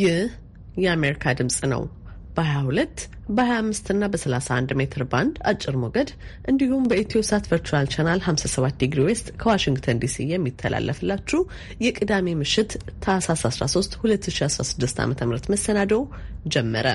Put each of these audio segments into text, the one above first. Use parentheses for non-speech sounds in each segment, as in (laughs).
ይህ የአሜሪካ ድምፅ ነው። በ22 በ25 እና በ31 ሜትር ባንድ አጭር ሞገድ እንዲሁም በኢትዮ ሳት ቨርቹዋል ቻናል 57 ዲግሪ ዌስት ከዋሽንግተን ዲሲ የሚተላለፍላችሁ የቅዳሜ ምሽት ታህሳስ 13 2016 ዓ ም መሰናዶ ጀመረ።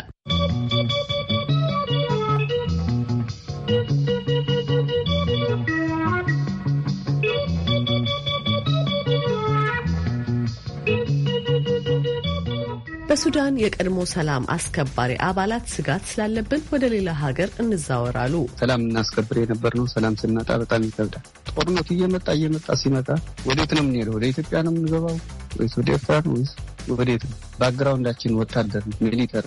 በሱዳን የቀድሞ ሰላም አስከባሪ አባላት ስጋት ስላለብን ወደ ሌላ ሀገር እንዛወራሉ። ሰላም እናስከብር የነበር ነው። ሰላም ስንመጣ በጣም ይከብዳል። ጦርነቱ እየመጣ እየመጣ ሲመጣ ወዴት ነው የምንሄደው? ወደ ኢትዮጵያ ነው የምንገባው ወይስ ወደ ኤርትራ ነው ወይስ ወዴት ነው? ባክግራውንዳችን ወታደር ሚሊተር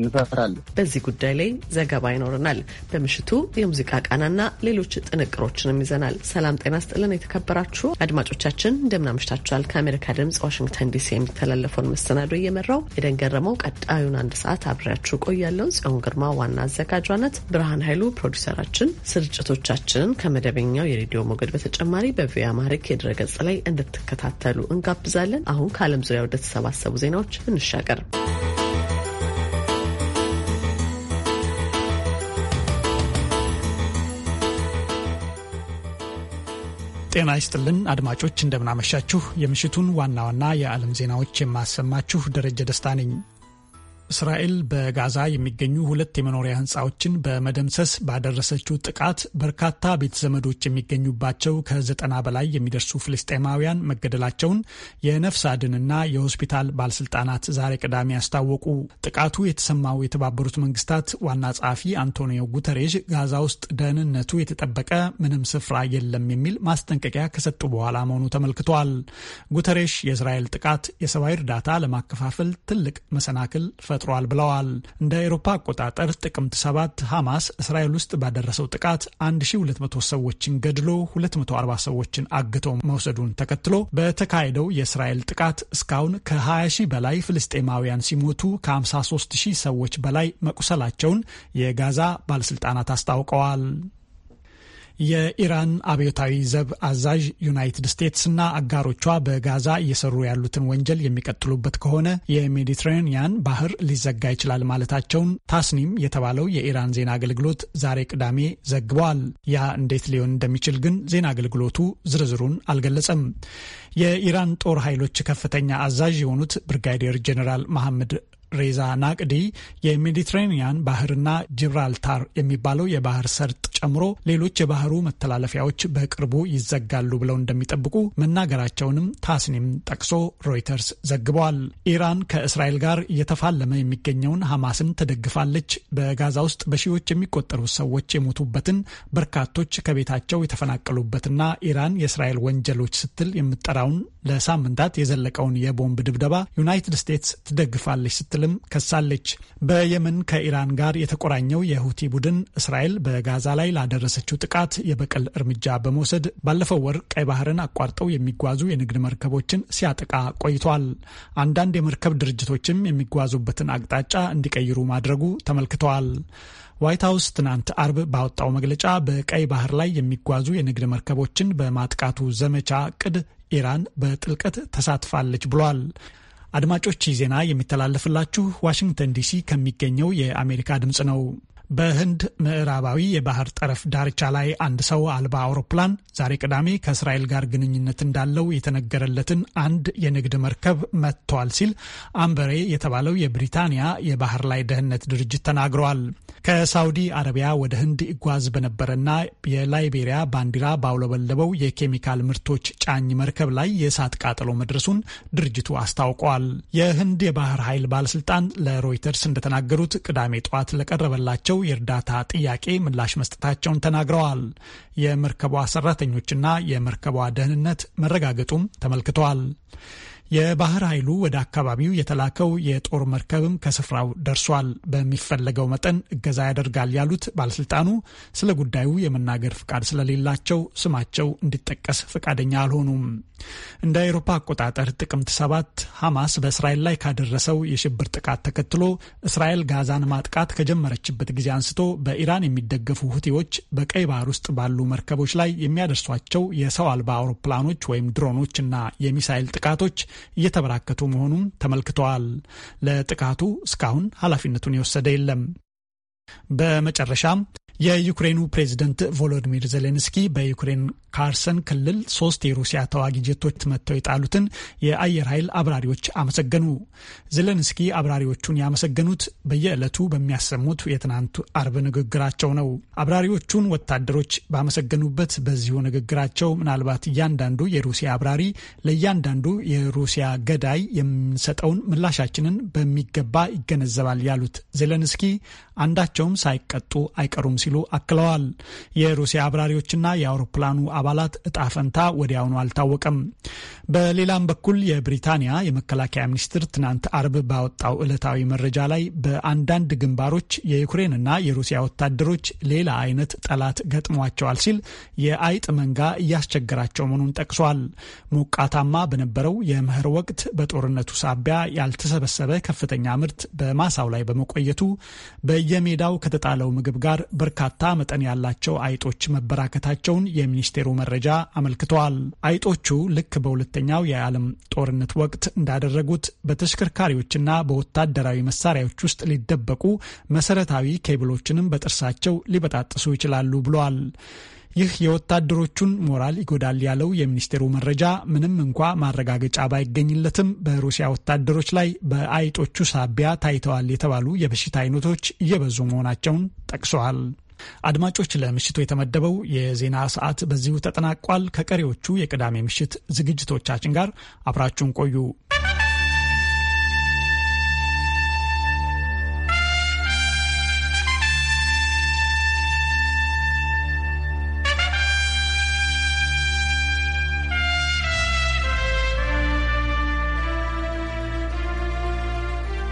እንፈራለን። በዚህ ጉዳይ ላይ ዘገባ ይኖረናል። በምሽቱ የሙዚቃ ቃናና ሌሎች ጥንቅሮችንም ይዘናል። ሰላም ጤና ስጥልን። የተከበራችሁ አድማጮቻችን እንደምናምሽታችኋል። ከአሜሪካ ድምጽ ዋሽንግተን ዲሲ የሚተላለፈውን መሰናዶ እየመራው የደን ገረመው ቀጣዩን አንድ ሰዓት አብሬያችሁ ቆያለሁ። ጽዮን ግርማ ዋና አዘጋጇ ናት። ብርሃን ኃይሉ ፕሮዲሰራችን። ስርጭቶቻችንን ከመደበኛው የሬዲዮ ሞገድ በተጨማሪ በቪያ ማሪክ የድረገጽ ላይ እንድትከታተሉ እንጋብዛለን። አሁን ከዓለም ዙሪያ ወደ ተሰባሰቡ ዜናዎች እንሻገር። ጤና ይስጥልን አድማጮች፣ እንደምናመሻችሁ። የምሽቱን ዋና ዋና የዓለም ዜናዎች የማሰማችሁ ደረጀ ደስታ ነኝ። እስራኤል በጋዛ የሚገኙ ሁለት የመኖሪያ ህንፃዎችን በመደምሰስ ባደረሰችው ጥቃት በርካታ ቤተ ዘመዶች የሚገኙባቸው ከዘጠና በላይ የሚደርሱ ፍልስጤማውያን መገደላቸውን የነፍስ አድንና የሆስፒታል ባለስልጣናት ዛሬ ቅዳሜ አስታወቁ። ጥቃቱ የተሰማው የተባበሩት መንግስታት ዋና ጸሐፊ አንቶኒዮ ጉተሬዥ ጋዛ ውስጥ ደህንነቱ የተጠበቀ ምንም ስፍራ የለም የሚል ማስጠንቀቂያ ከሰጡ በኋላ መሆኑ ተመልክቷል። ጉተሬሽ የእስራኤል ጥቃት የሰብአዊ እርዳታ ለማከፋፈል ትልቅ መሰናክል ፈጥሯል ብለዋል። እንደ አውሮፓ አቆጣጠር ጥቅምት 7 ሐማስ እስራኤል ውስጥ ባደረሰው ጥቃት 1200 ሰዎችን ገድሎ 240 ሰዎችን አግቶ መውሰዱን ተከትሎ በተካሄደው የእስራኤል ጥቃት እስካሁን ከ20 ሺህ በላይ ፍልስጤማውያን ሲሞቱ ከ53 ሺህ ሰዎች በላይ መቁሰላቸውን የጋዛ ባለስልጣናት አስታውቀዋል። የኢራን አብዮታዊ ዘብ አዛዥ ዩናይትድ ስቴትስና አጋሮቿ በጋዛ እየሰሩ ያሉትን ወንጀል የሚቀጥሉበት ከሆነ የሜዲትሬኒያን ባህር ሊዘጋ ይችላል ማለታቸውን ታስኒም የተባለው የኢራን ዜና አገልግሎት ዛሬ ቅዳሜ ዘግበዋል። ያ እንዴት ሊሆን እንደሚችል ግን ዜና አገልግሎቱ ዝርዝሩን አልገለጸም። የኢራን ጦር ኃይሎች ከፍተኛ አዛዥ የሆኑት ብርጋዴር ጀኔራል መሐመድ ሬዛ ናቅዲ የሜዲትሬኒያን ባህርና ጂብራልታር የሚባለው የባህር ሰርጥ ጨምሮ ሌሎች የባህሩ መተላለፊያዎች በቅርቡ ይዘጋሉ ብለው እንደሚጠብቁ መናገራቸውንም ታስኒም ጠቅሶ ሮይተርስ ዘግበዋል። ኢራን ከእስራኤል ጋር እየተፋለመ የሚገኘውን ሐማስን ትደግፋለች። በጋዛ ውስጥ በሺዎች የሚቆጠሩ ሰዎች የሞቱበትን በርካቶች ከቤታቸው የተፈናቀሉበትና ኢራን የእስራኤል ወንጀሎች ስትል የምትጠራውን ለሳምንታት የዘለቀውን የቦምብ ድብደባ ዩናይትድ ስቴትስ ትደግፋለች ስትል ስትልም ከሳለች። በየመን ከኢራን ጋር የተቆራኘው የሁቲ ቡድን እስራኤል በጋዛ ላይ ላደረሰችው ጥቃት የበቀል እርምጃ በመውሰድ ባለፈው ወር ቀይ ባህርን አቋርጠው የሚጓዙ የንግድ መርከቦችን ሲያጠቃ ቆይቷል። አንዳንድ የመርከብ ድርጅቶችም የሚጓዙበትን አቅጣጫ እንዲቀይሩ ማድረጉ ተመልክተዋል። ዋይት ሀውስ ትናንት አርብ ባወጣው መግለጫ በቀይ ባህር ላይ የሚጓዙ የንግድ መርከቦችን በማጥቃቱ ዘመቻ ቅድ ኢራን በጥልቀት ተሳትፋለች ብሏል። አድማጮች ዜና የሚተላለፍላችሁ ዋሽንግተን ዲሲ ከሚገኘው የአሜሪካ ድምፅ ነው። በህንድ ምዕራባዊ የባህር ጠረፍ ዳርቻ ላይ አንድ ሰው አልባ አውሮፕላን ዛሬ ቅዳሜ ከእስራኤል ጋር ግንኙነት እንዳለው የተነገረለትን አንድ የንግድ መርከብ መጥተዋል ሲል አምበሬ የተባለው የብሪታንያ የባህር ላይ ደህንነት ድርጅት ተናግረዋል። ከሳውዲ አረቢያ ወደ ህንድ ይጓዝ በነበረና የላይቤሪያ ባንዲራ ባውለበለበው የኬሚካል ምርቶች ጫኝ መርከብ ላይ የእሳት ቃጠሎ መድረሱን ድርጅቱ አስታውቀዋል። የህንድ የባህር ኃይል ባለስልጣን ለሮይተርስ እንደተናገሩት ቅዳሜ ጠዋት ለቀረበላቸው ለቀረበላቸው የእርዳታ ጥያቄ ምላሽ መስጠታቸውን ተናግረዋል። የመርከቧ ሰራተኞችና የመርከቧ ደህንነት መረጋገጡም ተመልክተዋል። የባህር ኃይሉ ወደ አካባቢው የተላከው የጦር መርከብም ከስፍራው ደርሷል። በሚፈለገው መጠን እገዛ ያደርጋል ያሉት ባለስልጣኑ ስለ ጉዳዩ የመናገር ፍቃድ ስለሌላቸው ስማቸው እንዲጠቀስ ፍቃደኛ አልሆኑም። እንደ አውሮፓ አቆጣጠር ጥቅምት ሰባት ሐማስ በእስራኤል ላይ ካደረሰው የሽብር ጥቃት ተከትሎ እስራኤል ጋዛን ማጥቃት ከጀመረችበት ጊዜ አንስቶ በኢራን የሚደገፉ ሁቲዎች በቀይ ባህር ውስጥ ባሉ መርከቦች ላይ የሚያደርሷቸው የሰው አልባ አውሮፕላኖች ወይም ድሮኖች እና የሚሳይል ጥቃቶች እየተበራከቱ መሆኑም ተመልክተዋል። ለጥቃቱ እስካሁን ኃላፊነቱን የወሰደ የለም። በመጨረሻም የዩክሬኑ ፕሬዝደንት ቮሎዲሚር ዜሌንስኪ በዩክሬን ካርሰን ክልል ሶስት የሩሲያ ተዋጊ ጀቶች መጥተው የጣሉትን የአየር ኃይል አብራሪዎች አመሰገኑ። ዘለንስኪ አብራሪዎቹን ያመሰገኑት በየዕለቱ በሚያሰሙት የትናንቱ አርብ ንግግራቸው ነው። አብራሪዎቹን ወታደሮች ባመሰገኑበት በዚሁ ንግግራቸው ምናልባት እያንዳንዱ የሩሲያ አብራሪ ለእያንዳንዱ የሩሲያ ገዳይ የምንሰጠውን ምላሻችንን በሚገባ ይገነዘባል ያሉት ዜሌንስኪ አንዳቸውም ሳይቀጡ አይቀሩም ሲሉ አክለዋል። የሩሲያ አብራሪዎችና የአውሮፕላኑ አባላት እጣ ፈንታ ወዲያውኑ አልታወቀም። በሌላም በኩል የብሪታንያ የመከላከያ ሚኒስትር ትናንት አርብ ባወጣው ዕለታዊ መረጃ ላይ በአንዳንድ ግንባሮች የዩክሬንና የሩሲያ ወታደሮች ሌላ አይነት ጠላት ገጥሟቸዋል ሲል የአይጥ መንጋ እያስቸገራቸው መሆኑን ጠቅሷል። ሞቃታማ በነበረው የመኸር ወቅት በጦርነቱ ሳቢያ ያልተሰበሰበ ከፍተኛ ምርት በማሳው ላይ በመቆየቱ በየሜዳው ከተጣለው ምግብ ጋር በርካታ መጠን ያላቸው አይጦች መበራከታቸውን የሚኒስቴሩ መረጃ አመልክተዋል። አይጦቹ ልክ በሁለተኛው የዓለም ጦርነት ወቅት እንዳደረጉት በተሽከርካሪዎችና በወታደራዊ መሳሪያዎች ውስጥ ሊደበቁ መሰረታዊ ኬብሎችንም በጥርሳቸው ሊበጣጥሱ ይችላሉ ብለዋል። ይህ የወታደሮቹን ሞራል ይጎዳል ያለው የሚኒስቴሩ መረጃ ምንም እንኳ ማረጋገጫ ባይገኝለትም በሩሲያ ወታደሮች ላይ በአይጦቹ ሳቢያ ታይተዋል የተባሉ የበሽታ አይነቶች እየበዙ መሆናቸውን ጠቅሰዋል። አድማጮች፣ ለምሽቱ የተመደበው የዜና ሰዓት በዚሁ ተጠናቋል። ከቀሪዎቹ የቅዳሜ ምሽት ዝግጅቶቻችን ጋር አብራችሁን ቆዩ።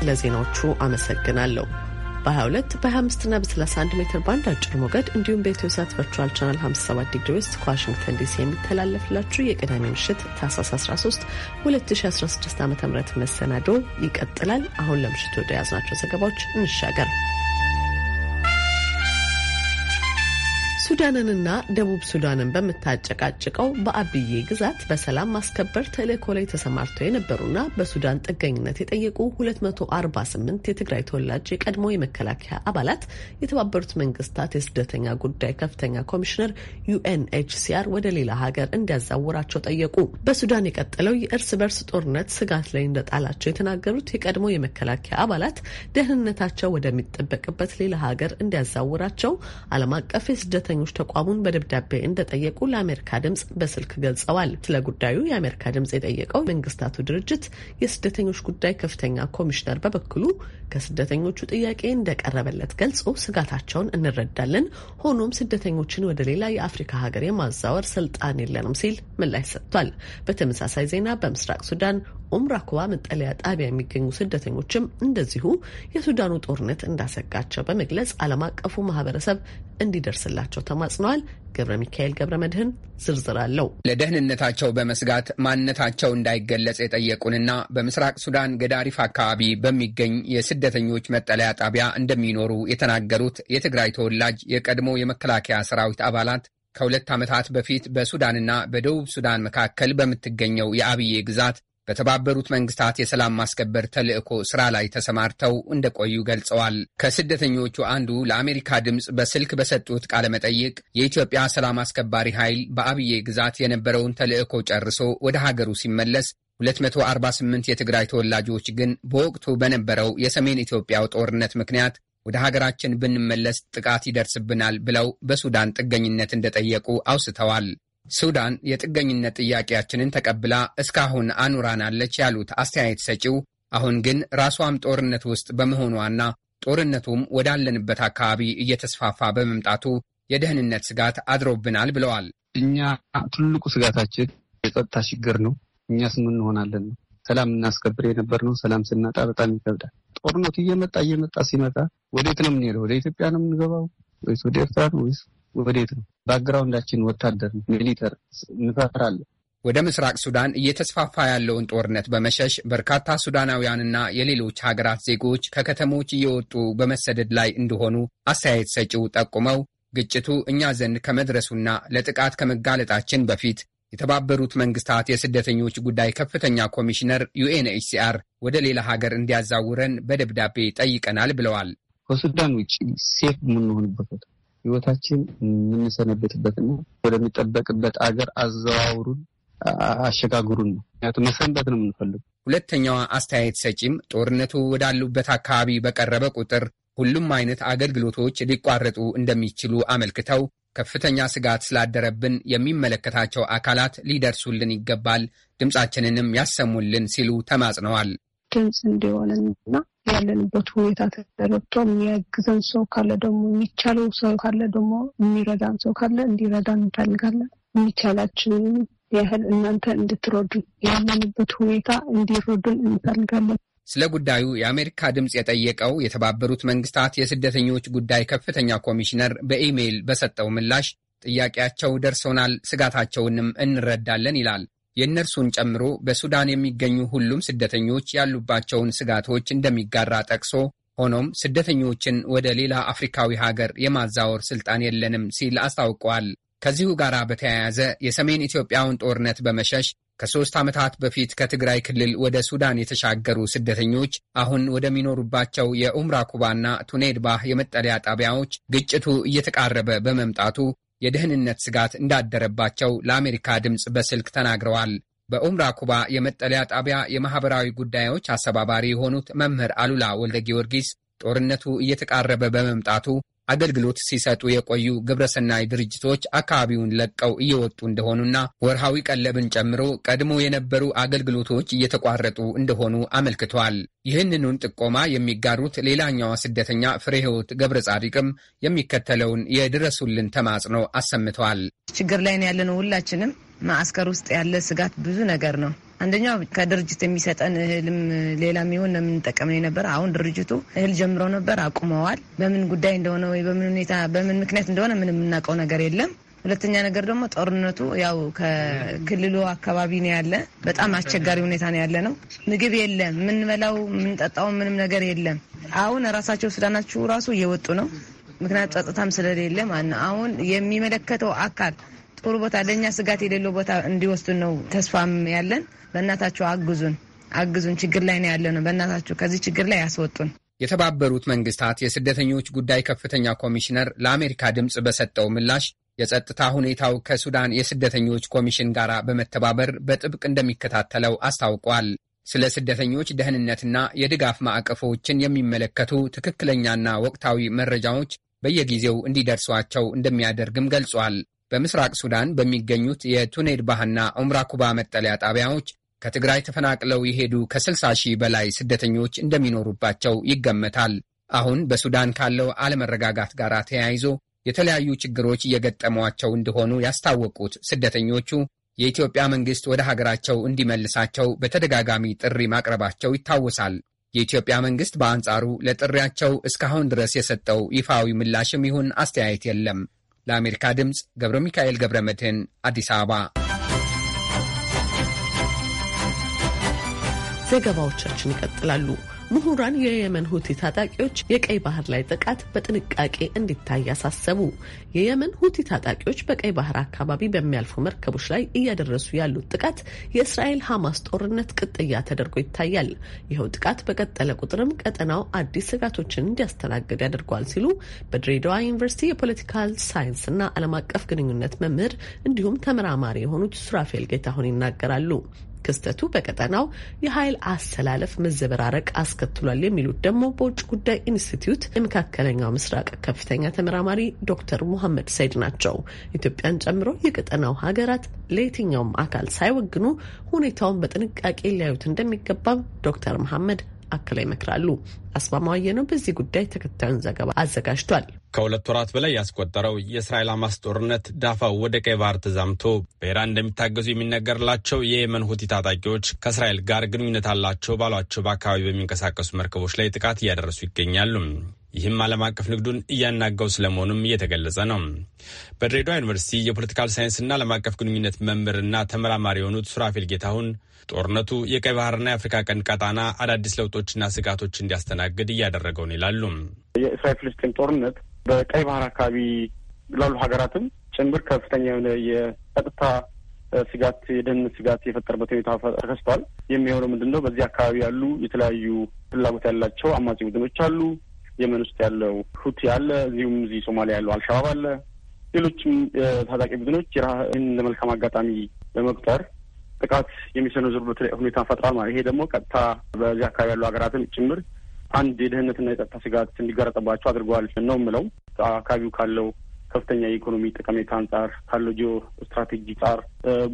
ለዜናዎቹ አመሰግናለሁ። በ22 በ25ና በ31 ሜትር ባንድ አጭር ሞገድ እንዲሁም በኢትዮ ሳት ቨርቹዋል ቻናል 57 ዲግሪ ውስጥ ከዋሽንግተን ዲሲ የሚተላለፍላችሁ የቅዳሜ ምሽት ታህሳስ 13 2016 ዓ ም መሰናዶ ይቀጥላል። አሁን ለምሽቱ ወደ ያዝናቸው ዘገባዎች እንሻገር። ሱዳንንና ደቡብ ሱዳንን በምታጨቃጭቀው በአብዬ ግዛት በሰላም ማስከበር ተልእኮ ላይ ተሰማርተው የነበሩና በሱዳን ጥገኝነት የጠየቁ 248 የትግራይ ተወላጅ የቀድሞ የመከላከያ አባላት የተባበሩት መንግስታት የስደተኛ ጉዳይ ከፍተኛ ኮሚሽነር ዩኤንኤችሲአር ወደ ሌላ ሀገር እንዲያዛውራቸው ጠየቁ። በሱዳን የቀጠለው የእርስ በርስ ጦርነት ስጋት ላይ እንደጣላቸው የተናገሩት የቀድሞ የመከላከያ አባላት ደህንነታቸው ወደሚጠበቅበት ሌላ ሀገር እንዲያዛውራቸው ዓለም አቀፍ የስደተኛ ሰራተኞች ተቋሙን በደብዳቤ እንደጠየቁ ለአሜሪካ ድምጽ በስልክ ገልጸዋል። ስለ ጉዳዩ የአሜሪካ ድምፅ የጠየቀው መንግስታቱ ድርጅት የስደተኞች ጉዳይ ከፍተኛ ኮሚሽነር በበኩሉ ከስደተኞቹ ጥያቄ እንደቀረበለት ገልጾ ስጋታቸውን እንረዳለን፣ ሆኖም ስደተኞችን ወደ ሌላ የአፍሪካ ሀገር የማዛወር ስልጣን የለንም ሲል ምላሽ ሰጥቷል። በተመሳሳይ ዜና በምስራቅ ሱዳን ኦም ራኮባ መጠለያ ጣቢያ የሚገኙ ስደተኞችም እንደዚሁ የሱዳኑ ጦርነት እንዳሰጋቸው በመግለጽ ዓለም አቀፉ ማህበረሰብ እንዲደርስላቸው ተማጽነዋል። ገብረ ሚካኤል ገብረ መድህን ዝርዝር አለው። ለደህንነታቸው በመስጋት ማንነታቸው እንዳይገለጽ የጠየቁንና በምስራቅ ሱዳን ገዳሪፍ አካባቢ በሚገኝ የስደተኞች መጠለያ ጣቢያ እንደሚኖሩ የተናገሩት የትግራይ ተወላጅ የቀድሞ የመከላከያ ሰራዊት አባላት ከሁለት ዓመታት በፊት በሱዳንና በደቡብ ሱዳን መካከል በምትገኘው የአብዬ ግዛት በተባበሩት መንግስታት የሰላም ማስከበር ተልዕኮ ስራ ላይ ተሰማርተው እንደቆዩ ገልጸዋል። ከስደተኞቹ አንዱ ለአሜሪካ ድምፅ በስልክ በሰጡት ቃለ መጠይቅ የኢትዮጵያ ሰላም አስከባሪ ኃይል በአብዬ ግዛት የነበረውን ተልዕኮ ጨርሶ ወደ ሀገሩ ሲመለስ 248 የትግራይ ተወላጆች ግን በወቅቱ በነበረው የሰሜን ኢትዮጵያው ጦርነት ምክንያት ወደ ሀገራችን ብንመለስ ጥቃት ይደርስብናል ብለው በሱዳን ጥገኝነት እንደጠየቁ አውስተዋል። ሱዳን የጥገኝነት ጥያቄያችንን ተቀብላ እስካሁን አኑራናለች ያሉት አስተያየት ሰጪው አሁን ግን ራሷም ጦርነት ውስጥ በመሆኗና ጦርነቱም ወዳለንበት አካባቢ እየተስፋፋ በመምጣቱ የደህንነት ስጋት አድሮብናል ብለዋል። እኛ ትልቁ ስጋታችን የጸጥታ ችግር ነው። እኛስ ምን እንሆናለን ነው። ሰላም እናስከብር የነበር ነው። ሰላም ስናጣ በጣም ይከብዳል። ጦርነቱ እየመጣ እየመጣ ሲመጣ ወዴት ነው የምንሄደው? ወደ ኢትዮጵያ ነው የምንገባው ወይስ ወደ ኤርትራ ነው ወይስ ወዴት ነው? ባክግራውንዳችን ወታደር ሚሊተር እንፈራለን። ወደ ምስራቅ ሱዳን እየተስፋፋ ያለውን ጦርነት በመሸሽ በርካታ ሱዳናውያንና የሌሎች ሀገራት ዜጎች ከከተሞች እየወጡ በመሰደድ ላይ እንደሆኑ አስተያየት ሰጪው ጠቁመው ግጭቱ እኛ ዘንድ ከመድረሱና ለጥቃት ከመጋለጣችን በፊት የተባበሩት መንግስታት የስደተኞች ጉዳይ ከፍተኛ ኮሚሽነር ዩኤንኤችሲአር ወደ ሌላ ሀገር እንዲያዛውረን በደብዳቤ ጠይቀናል ብለዋል። ከሱዳን ውጭ ሴፍ የምንሆንበት ህይወታችን የምንሰነበትበትና ወደሚጠበቅበት አገር አዘዋውሩን አሸጋግሩን ነው። ምክንያቱም መሰንበት ነው የምንፈልጉ። ሁለተኛዋ አስተያየት ሰጪም ጦርነቱ ወዳሉበት አካባቢ በቀረበ ቁጥር ሁሉም አይነት አገልግሎቶች ሊቋረጡ እንደሚችሉ አመልክተው ከፍተኛ ስጋት ስላደረብን የሚመለከታቸው አካላት ሊደርሱልን ይገባል፣ ድምፃችንንም ያሰሙልን ሲሉ ተማጽነዋል። ድምፅ እንዲሆነን እና ያለንበት ሁኔታ ተረድቶ የሚያግዘን ሰው ካለ ደግሞ የሚቻለው ሰው ካለ ደግሞ የሚረዳን ሰው ካለ እንዲረዳን እንፈልጋለን። የሚቻላችንን ያህል እናንተ እንድትረዱን ያለንበት ሁኔታ እንዲረዱን እንፈልጋለን። ስለ ጉዳዩ የአሜሪካ ድምፅ የጠየቀው የተባበሩት መንግስታት የስደተኞች ጉዳይ ከፍተኛ ኮሚሽነር በኢሜይል በሰጠው ምላሽ ጥያቄያቸው ደርሶናል፣ ስጋታቸውንም እንረዳለን ይላል። የእነርሱን ጨምሮ በሱዳን የሚገኙ ሁሉም ስደተኞች ያሉባቸውን ስጋቶች እንደሚጋራ ጠቅሶ ሆኖም ስደተኞችን ወደ ሌላ አፍሪካዊ ሀገር የማዛወር ስልጣን የለንም ሲል አስታውቋል። ከዚሁ ጋር በተያያዘ የሰሜን ኢትዮጵያውን ጦርነት በመሸሽ ከሦስት ዓመታት በፊት ከትግራይ ክልል ወደ ሱዳን የተሻገሩ ስደተኞች አሁን ወደሚኖሩባቸው የኡምራ ኩባና ቱኔድባህ የመጠለያ ጣቢያዎች ግጭቱ እየተቃረበ በመምጣቱ የደህንነት ስጋት እንዳደረባቸው ለአሜሪካ ድምፅ በስልክ ተናግረዋል። በኡምራ ኩባ የመጠለያ ጣቢያ የማኅበራዊ ጉዳዮች አስተባባሪ የሆኑት መምህር አሉላ ወልደ ጊዮርጊስ ጦርነቱ እየተቃረበ በመምጣቱ አገልግሎት ሲሰጡ የቆዩ ግብረሰናይ ድርጅቶች አካባቢውን ለቀው እየወጡ እንደሆኑና ወርሃዊ ቀለብን ጨምሮ ቀድሞ የነበሩ አገልግሎቶች እየተቋረጡ እንደሆኑ አመልክቷል። ይህንኑን ጥቆማ የሚጋሩት ሌላኛዋ ስደተኛ ፍሬህይወት ገብረ ጻዲቅም የሚከተለውን የድረሱልን ተማጽኖ አሰምተዋል። ችግር ላይ ያለነው ሁላችንም። ማዕስከር ውስጥ ያለ ስጋት ብዙ ነገር ነው አንደኛው ከድርጅት የሚሰጠን እህልም ሌላ የሚሆን ነው የምንጠቀመው የነበረ። አሁን ድርጅቱ እህል ጀምሮ ነበር አቁመዋል። በምን ጉዳይ እንደሆነ ወይ በምን ሁኔታ በምን ምክንያት እንደሆነ ምንም የምናውቀው ነገር የለም። ሁለተኛ ነገር ደግሞ ጦርነቱ ያው ከክልሉ አካባቢ ነው ያለ። በጣም አስቸጋሪ ሁኔታ ነው ያለ ነው። ምግብ የለም፣ የምንበላው የምንጠጣው ምንም ነገር የለም። አሁን ራሳቸው ሱዳናችሁ ራሱ እየወጡ ነው፣ ምክንያቱ ጸጥታም ስለሌለ ማለት ነው። አሁን የሚመለከተው አካል ጥሩ ቦታ ለእኛ ስጋት የሌለው ቦታ እንዲወስዱን ነው ተስፋም ያለን። በእናታቸው አግዙን፣ አግዙን። ችግር ላይ ነው ያለ ነው። በእናታቸው ከዚህ ችግር ላይ ያስወጡን። የተባበሩት መንግስታት የስደተኞች ጉዳይ ከፍተኛ ኮሚሽነር ለአሜሪካ ድምፅ በሰጠው ምላሽ የጸጥታ ሁኔታው ከሱዳን የስደተኞች ኮሚሽን ጋር በመተባበር በጥብቅ እንደሚከታተለው አስታውቋል። ስለ ስደተኞች ደህንነትና የድጋፍ ማዕቀፎችን የሚመለከቱ ትክክለኛና ወቅታዊ መረጃዎች በየጊዜው እንዲደርሷቸው እንደሚያደርግም ገልጿል። በምስራቅ ሱዳን በሚገኙት የቱኔድ ባህና ኩባ መጠለያ ጣቢያዎች ከትግራይ ተፈናቅለው የሄዱ ከ60 ሺህ በላይ ስደተኞች እንደሚኖሩባቸው ይገመታል። አሁን በሱዳን ካለው አለመረጋጋት ጋር ተያይዞ የተለያዩ ችግሮች እየገጠሟቸው እንደሆኑ ያስታወቁት ስደተኞቹ የኢትዮጵያ መንግሥት ወደ ሀገራቸው እንዲመልሳቸው በተደጋጋሚ ጥሪ ማቅረባቸው ይታወሳል። የኢትዮጵያ መንግሥት በአንጻሩ ለጥሪያቸው እስካሁን ድረስ የሰጠው ይፋዊ ምላሽም ይሁን አስተያየት የለም። ለአሜሪካ ድምፅ ገብረ ሚካኤል ገብረ መድህን አዲስ አበባ። ዘገባዎቻችን ይቀጥላሉ። ምሁራን የየመን ሁቲ ታጣቂዎች የቀይ ባህር ላይ ጥቃት በጥንቃቄ እንዲታይ አሳሰቡ። የየመን ሁቲ ታጣቂዎች በቀይ ባህር አካባቢ በሚያልፉ መርከቦች ላይ እያደረሱ ያሉት ጥቃት የእስራኤል ሐማስ ጦርነት ቅጥያ ተደርጎ ይታያል። ይኸው ጥቃት በቀጠለ ቁጥርም ቀጠናው አዲስ ስጋቶችን እንዲያስተናግድ ያደርጓል ሲሉ በድሬዳዋ ዩኒቨርሲቲ የፖለቲካል ና ዓለም አቀፍ ግንኙነት መምህር እንዲሁም ተመራማሪ የሆኑት ሱራፌል ጌታሁን ይናገራሉ። ክስተቱ በቀጠናው የኃይል አሰላለፍ መዘበራረቅ አስከትሏል የሚሉት ደግሞ በውጭ ጉዳይ ኢንስቲትዩት የመካከለኛው ምስራቅ ከፍተኛ ተመራማሪ ዶክተር ሙሐመድ ሰይድ ናቸው። ኢትዮጵያን ጨምሮ የቀጠናው ሀገራት ለየትኛውም አካል ሳይወግኑ ሁኔታውን በጥንቃቄ ሊያዩት እንደሚገባም ዶክተር መሐመድ አክለው ይመክራሉ። አስማማው አየነው በዚህ ጉዳይ ተከታዩን ዘገባ አዘጋጅቷል። ከሁለት ወራት በላይ ያስቆጠረው የእስራኤል ሐማስ ጦርነት ዳፋው ወደ ቀይ ባህር ተዛምቶ በኢራን እንደሚታገዙ የሚነገርላቸው የየመን ሁቲ ታጣቂዎች ከእስራኤል ጋር ግንኙነት አላቸው ባሏቸው በአካባቢ በሚንቀሳቀሱ መርከቦች ላይ ጥቃት እያደረሱ ይገኛሉ። ይህም ዓለም አቀፍ ንግዱን እያናጋው ስለመሆኑም እየተገለጸ ነው። በድሬዳዋ ዩኒቨርሲቲ የፖለቲካል ሳይንስና ዓለም አቀፍ ግንኙነት መምህርና ተመራማሪ የሆኑት ሱራፌል ጌታሁን ጦርነቱ የቀይ ባህርና የአፍሪካ ቀንድ ቀጣና አዳዲስ ለውጦችና ስጋቶች እንዲያስተናግድ እያደረገው ነው ይላሉ። የእስራኤል ፍልስጤም ጦርነት በቀይ ባህር አካባቢ ላሉ ሀገራትም ጭምር ከፍተኛ የሆነ የጸጥታ ስጋት፣ የደህንነት ስጋት የፈጠረበት ሁኔታ ተከስቷል። የሚሆነው ምንድን ነው? በዚህ አካባቢ ያሉ የተለያዩ ፍላጎት ያላቸው አማጺ ቡድኖች አሉ። የመን ውስጥ ያለው ሁቲ አለ፣ እዚሁም እዚህ ሶማሊያ ያለው አልሸባብ አለ። ሌሎችም ታጣቂ ቡድኖች ይህን ለመልካም አጋጣሚ በመቁጠር ጥቃት የሚሰነዝሩበት ሁኔታ ፈጥሯል ማለት ይሄ ደግሞ ቀጥታ በዚህ አካባቢ ያሉ ሀገራትን ጭምር አንድ የደህንነትና የጸጥታ ስጋት እንዲጋረጥባቸው አድርገዋል ነው የምለው አካባቢው ካለው ከፍተኛ የኢኮኖሚ ጠቀሜታ አንጻር ካለው ጂኦ ስትራቴጂ አንጻር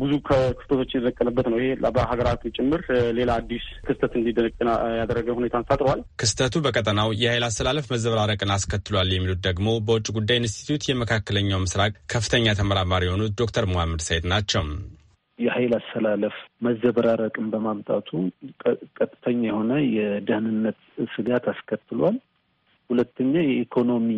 ብዙ ክስተቶች የተዘቀለበት ነው። ይሄ በሀገራቱ ጭምር ሌላ አዲስ ክስተት እንዲደነቅና ያደረገ ሁኔታን ፈጥሯል። ክስተቱ በቀጠናው የኃይል አስተላለፍ መዘበራረቅን አስከትሏል የሚሉት ደግሞ በውጭ ጉዳይ ኢንስቲትዩት የመካከለኛው ምስራቅ ከፍተኛ ተመራማሪ የሆኑት ዶክተር መሐመድ ሰይድ ናቸው። የኃይል አስተላለፍ መዘበራረቅን በማምጣቱ ቀጥተኛ የሆነ የደህንነት ስጋት አስከትሏል። ሁለተኛ የኢኮኖሚ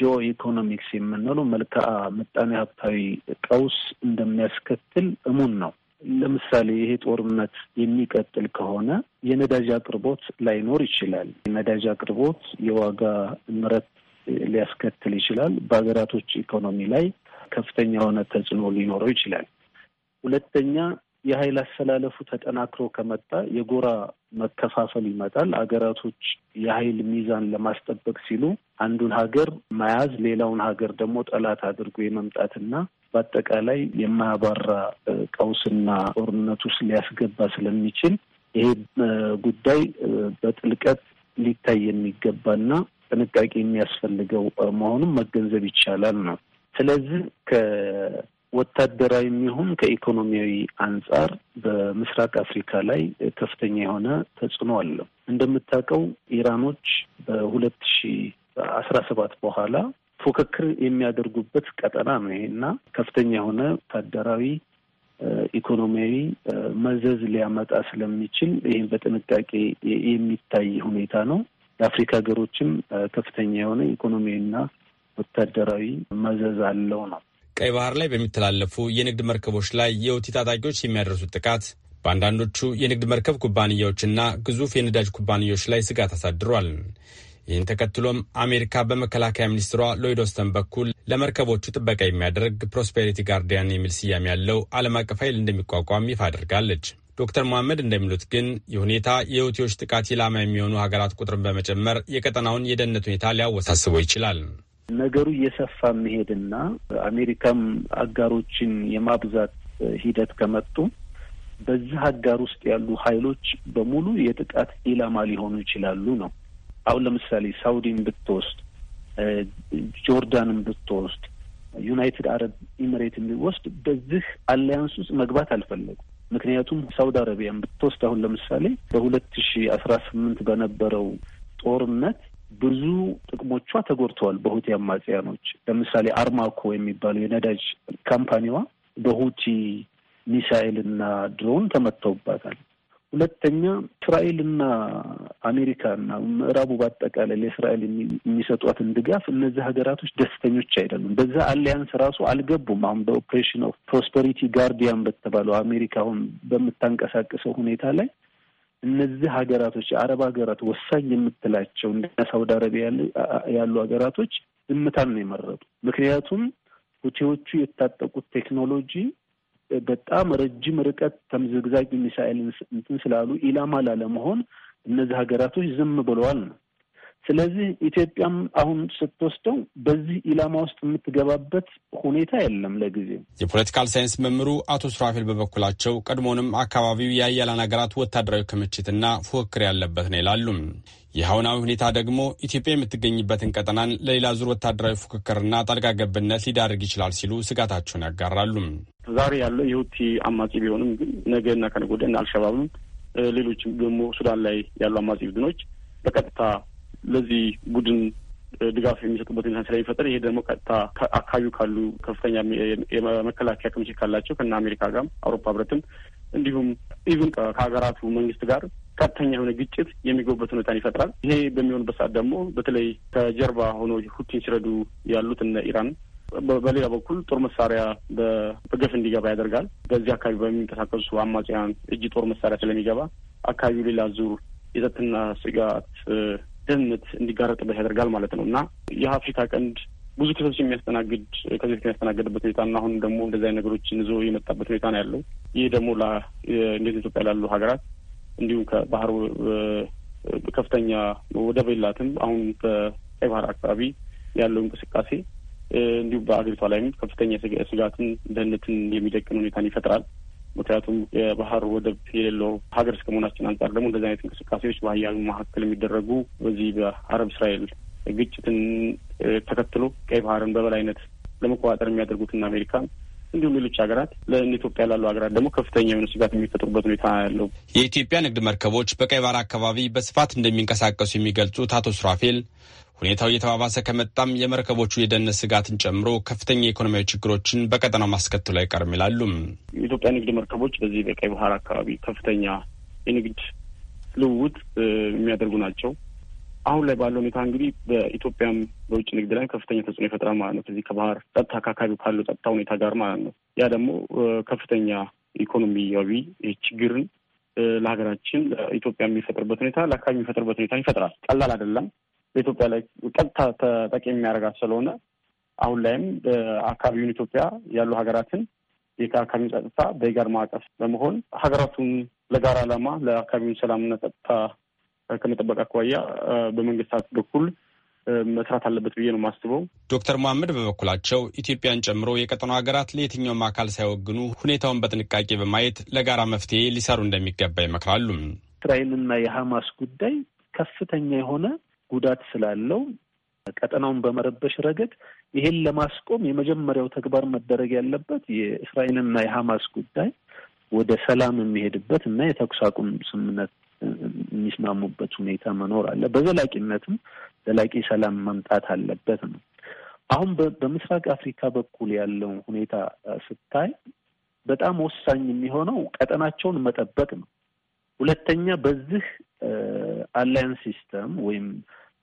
ጂኦ ኢኮኖሚክስ የምንለው መልክዓ ምጣኔ ሀብታዊ ቀውስ እንደሚያስከትል እሙን ነው። ለምሳሌ ይሄ ጦርነት የሚቀጥል ከሆነ የነዳጅ አቅርቦት ላይኖር ይችላል። የነዳጅ አቅርቦት የዋጋ ንረት ሊያስከትል ይችላል። በሀገራቶች ኢኮኖሚ ላይ ከፍተኛ የሆነ ተጽዕኖ ሊኖረው ይችላል። ሁለተኛ የኃይል አስተላለፉ ተጠናክሮ ከመጣ የጎራ መከፋፈል ይመጣል። ሀገራቶች የኃይል ሚዛን ለማስጠበቅ ሲሉ አንዱን ሀገር መያዝ፣ ሌላውን ሀገር ደግሞ ጠላት አድርጎ የመምጣትና በአጠቃላይ የማያባራ ቀውስና ጦርነት ውስጥ ሊያስገባ ስለሚችል ይሄ ጉዳይ በጥልቀት ሊታይ የሚገባና ጥንቃቄ የሚያስፈልገው መሆኑን መገንዘብ ይቻላል ነው። ስለዚህ ወታደራዊ የሚሆን ከኢኮኖሚያዊ አንጻር በምስራቅ አፍሪካ ላይ ከፍተኛ የሆነ ተጽዕኖ አለው። እንደምታውቀው ኢራኖች በሁለት ሺ አስራ ሰባት በኋላ ፉክክር የሚያደርጉበት ቀጠና ነው ይሄና ከፍተኛ የሆነ ወታደራዊ ኢኮኖሚያዊ መዘዝ ሊያመጣ ስለሚችል ይህም በጥንቃቄ የሚታይ ሁኔታ ነው። የአፍሪካ ሀገሮችም ከፍተኛ የሆነ ኢኮኖሚያዊና ወታደራዊ መዘዝ አለው ነው ቀይ ባህር ላይ በሚተላለፉ የንግድ መርከቦች ላይ የውቲ ታጣቂዎች የሚያደርሱት ጥቃት በአንዳንዶቹ የንግድ መርከብ ኩባንያዎችና ግዙፍ የነዳጅ ኩባንያዎች ላይ ስጋት አሳድሯል። ይህን ተከትሎም አሜሪካ በመከላከያ ሚኒስትሯ ሎይድ ኦስተን በኩል ለመርከቦቹ ጥበቃ የሚያደርግ ፕሮስፔሪቲ ጋርዲያን የሚል ስያሜ ያለው ዓለም አቀፍ ኃይል እንደሚቋቋም ይፋ አድርጋለች። ዶክተር መሐመድ እንደሚሉት ግን ይህ ሁኔታ የሁቲዎች ጥቃት ኢላማ የሚሆኑ ሀገራት ቁጥርን በመጨመር የቀጠናውን የደህንነት ሁኔታ ሊያወሳስበው ይችላል። ነገሩ እየሰፋ መሄድና አሜሪካም አጋሮችን የማብዛት ሂደት ከመጡ በዚህ አጋር ውስጥ ያሉ ሀይሎች በሙሉ የጥቃት ኢላማ ሊሆኑ ይችላሉ ነው። አሁን ለምሳሌ ሳውዲን ብትወስድ፣ ጆርዳንን ብትወስድ፣ ዩናይትድ አረብ ኢሚሬትን ቢወስድ በዚህ አላያንስ ውስጥ መግባት አልፈለጉም። ምክንያቱም ሳውዲ አረቢያን ብትወስድ አሁን ለምሳሌ በሁለት ሺ አስራ ስምንት በነበረው ጦርነት ብዙ ጥቅሞቿ ተጎድተዋል በሁቲ አማጽያኖች። ለምሳሌ አርማኮ የሚባለው የነዳጅ ካምፓኒዋ በሁቲ ሚሳኤልና ድሮን ተመትተውባታል። ሁለተኛ እስራኤልና አሜሪካና ምዕራቡ በአጠቃላይ ለእስራኤል የሚሰጧትን ድጋፍ እነዚህ ሀገራቶች ደስተኞች አይደሉም። በዛ አሊያንስ ራሱ አልገቡም። አሁን በኦፕሬሽን ኦፍ ፕሮስፐሪቲ ጋርዲያን በተባለው አሜሪካ አሁን በምታንቀሳቅሰው ሁኔታ ላይ እነዚህ ሀገራቶች የአረብ ሀገራት ወሳኝ የምትላቸው እንደ ሳውዲ አረቢያ ያሉ ሀገራቶች ዝምታን ነው የመረጡ። ምክንያቱም ሁቴዎቹ የታጠቁት ቴክኖሎጂ በጣም ረጅም ርቀት ተምዘግዛጊ ሚሳኤል እንትን ስላሉ ኢላማ ላለመሆን እነዚህ ሀገራቶች ዝም ብለዋል ነው ስለዚህ ኢትዮጵያም አሁን ስትወስደው በዚህ ኢላማ ውስጥ የምትገባበት ሁኔታ የለም ለጊዜው። የፖለቲካል ሳይንስ መምህሩ አቶ ስራፊል በበኩላቸው ቀድሞንም አካባቢው የአያላን ሀገራት ወታደራዊ ክምችትና ፉክክር ያለበት ነው ይላሉ። የአሁናዊ ሁኔታ ደግሞ ኢትዮጵያ የምትገኝበትን ቀጠናን ለሌላ ዙር ወታደራዊ ፉክክርና ጣልቃ ገብነት ሊዳርግ ይችላል ሲሉ ስጋታቸውን ያጋራሉ። ዛሬ ያለው የሁቲ አማጺ ቢሆንም ግን ነገና ከነገ ወዲያ አልሸባብም፣ ሌሎችም ደግሞ ሱዳን ላይ ያሉ አማጺ ቡድኖች በቀጥታ ለዚህ ቡድን ድጋፍ የሚሰጡበት ሁኔታ ስለሚፈጠር ይሄ ደግሞ ቀጥታ አካባቢው ካሉ ከፍተኛ የመከላከያ ክምችት ካላቸው ከነ አሜሪካ ጋር አውሮፓ ህብረትም እንዲሁም ኢቭን ከሀገራቱ መንግስት ጋር ቀጥተኛ የሆነ ግጭት የሚገቡበት ሁኔታን ይፈጥራል። ይሄ በሚሆንበት ሰዓት ደግሞ በተለይ ከጀርባ ሆኖ ሁቲን ሲረዱ ያሉት እነ ኢራን በሌላ በኩል ጦር መሳሪያ በገፍ እንዲገባ ያደርጋል። በዚህ አካባቢ በሚንቀሳቀሱ አማጽያን እጅ ጦር መሳሪያ ስለሚገባ አካባቢው ሌላ ዙር የጸጥታ ስጋት ደህንነት እንዲጋረጥበት ያደርጋል ማለት ነው እና የአፍሪካ ቀንድ ብዙ ክሶች የሚያስተናግድ ከዚህ በፊት የሚያስተናገድበት ሁኔታ እና አሁን ደግሞ እንደዚህ አይነት ነገሮችን ይዞ የመጣበት ሁኔታ ነው ያለው። ይህ ደግሞ እንዴት ኢትዮጵያ ላሉ ሀገራት እንዲሁም ከባህር ከፍተኛ ወደብ የላትም። አሁን በቀይ ባህር አካባቢ ያለው እንቅስቃሴ እንዲሁም በአገሪቷ ላይም ከፍተኛ ስጋትን፣ ደህንነትን የሚደቅን ሁኔታን ይፈጥራል። ምክንያቱም የባህር ወደብ የሌለው ሀገር እስከመሆናችን አንጻር ደግሞ እንደዚህ አይነት እንቅስቃሴዎች በሀያሉ መካከል የሚደረጉ በዚህ በአረብ እስራኤል ግጭትን ተከትሎ ቀይ ባህርን በበላይነት ለመቆጣጠር የሚያደርጉትና አሜሪካ እንዲሁም ሌሎች ሀገራት ለኢትዮጵያ ላሉ ሀገራት ደግሞ ከፍተኛ የሆነ ስጋት የሚፈጥሩበት ሁኔታ ያለው። የኢትዮጵያ ንግድ መርከቦች በቀይ ባህር አካባቢ በስፋት እንደሚንቀሳቀሱ የሚገልጹት አቶ ስራፌል ሁኔታው እየተባባሰ ከመጣም የመርከቦቹ የደህንነት ስጋትን ጨምሮ ከፍተኛ የኢኮኖሚያዊ ችግሮችን በቀጠናው ማስከተሉ አይቀርም ይላሉም። የኢትዮጵያ ንግድ መርከቦች በዚህ በቀይ ባህር አካባቢ ከፍተኛ የንግድ ልውውጥ የሚያደርጉ ናቸው። አሁን ላይ ባለው ሁኔታ እንግዲህ በኢትዮጵያም በውጭ ንግድ ላይ ከፍተኛ ተጽዕኖ ይፈጥራል ማለት ነው። ከዚህ ከባህር ጸጥታ ከአካባቢ ካለው ጸጥታ ሁኔታ ጋር ማለት ነው። ያ ደግሞ ከፍተኛ ኢኮኖሚያዊ ችግርን ለሀገራችን ለኢትዮጵያ የሚፈጥርበት ሁኔታ ለአካባቢ የሚፈጥርበት ሁኔታ ይፈጥራል። ቀላል አይደለም። በኢትዮጵያ ላይ ቀጥታ ተጠቂ የሚያደርጋት ስለሆነ አሁን ላይም በአካባቢውን ኢትዮጵያ ያሉ ሀገራትን የአካባቢውን ጸጥታ በጋር ማዕቀፍ በመሆን ሀገራቱን ለጋራ ዓላማ ለአካባቢውን ሰላምና ጸጥታ ከመጠበቅ አኳያ በመንግስታት በኩል መስራት አለበት ብዬ ነው የማስበው። ዶክተር መሐመድ በበኩላቸው ኢትዮጵያን ጨምሮ የቀጠኖ ሀገራት ለየትኛውም አካል ሳይወግኑ ሁኔታውን በጥንቃቄ በማየት ለጋራ መፍትሄ ሊሰሩ እንደሚገባ ይመክራሉ። እስራኤልና የሐማስ ጉዳይ ከፍተኛ የሆነ ጉዳት ስላለው ቀጠናውን በመረበሽ ረገድ ይሄን ለማስቆም የመጀመሪያው ተግባር መደረግ ያለበት የእስራኤልና የሐማስ ጉዳይ ወደ ሰላም የሚሄድበት እና የተኩስ አቁም ስምምነት የሚስማሙበት ሁኔታ መኖር አለ። በዘላቂነትም ዘላቂ ሰላም መምጣት አለበት ነው። አሁን በምስራቅ አፍሪካ በኩል ያለው ሁኔታ ስታይ በጣም ወሳኝ የሚሆነው ቀጠናቸውን መጠበቅ ነው። ሁለተኛ በዚህ አላያንስ ሲስተም ወይም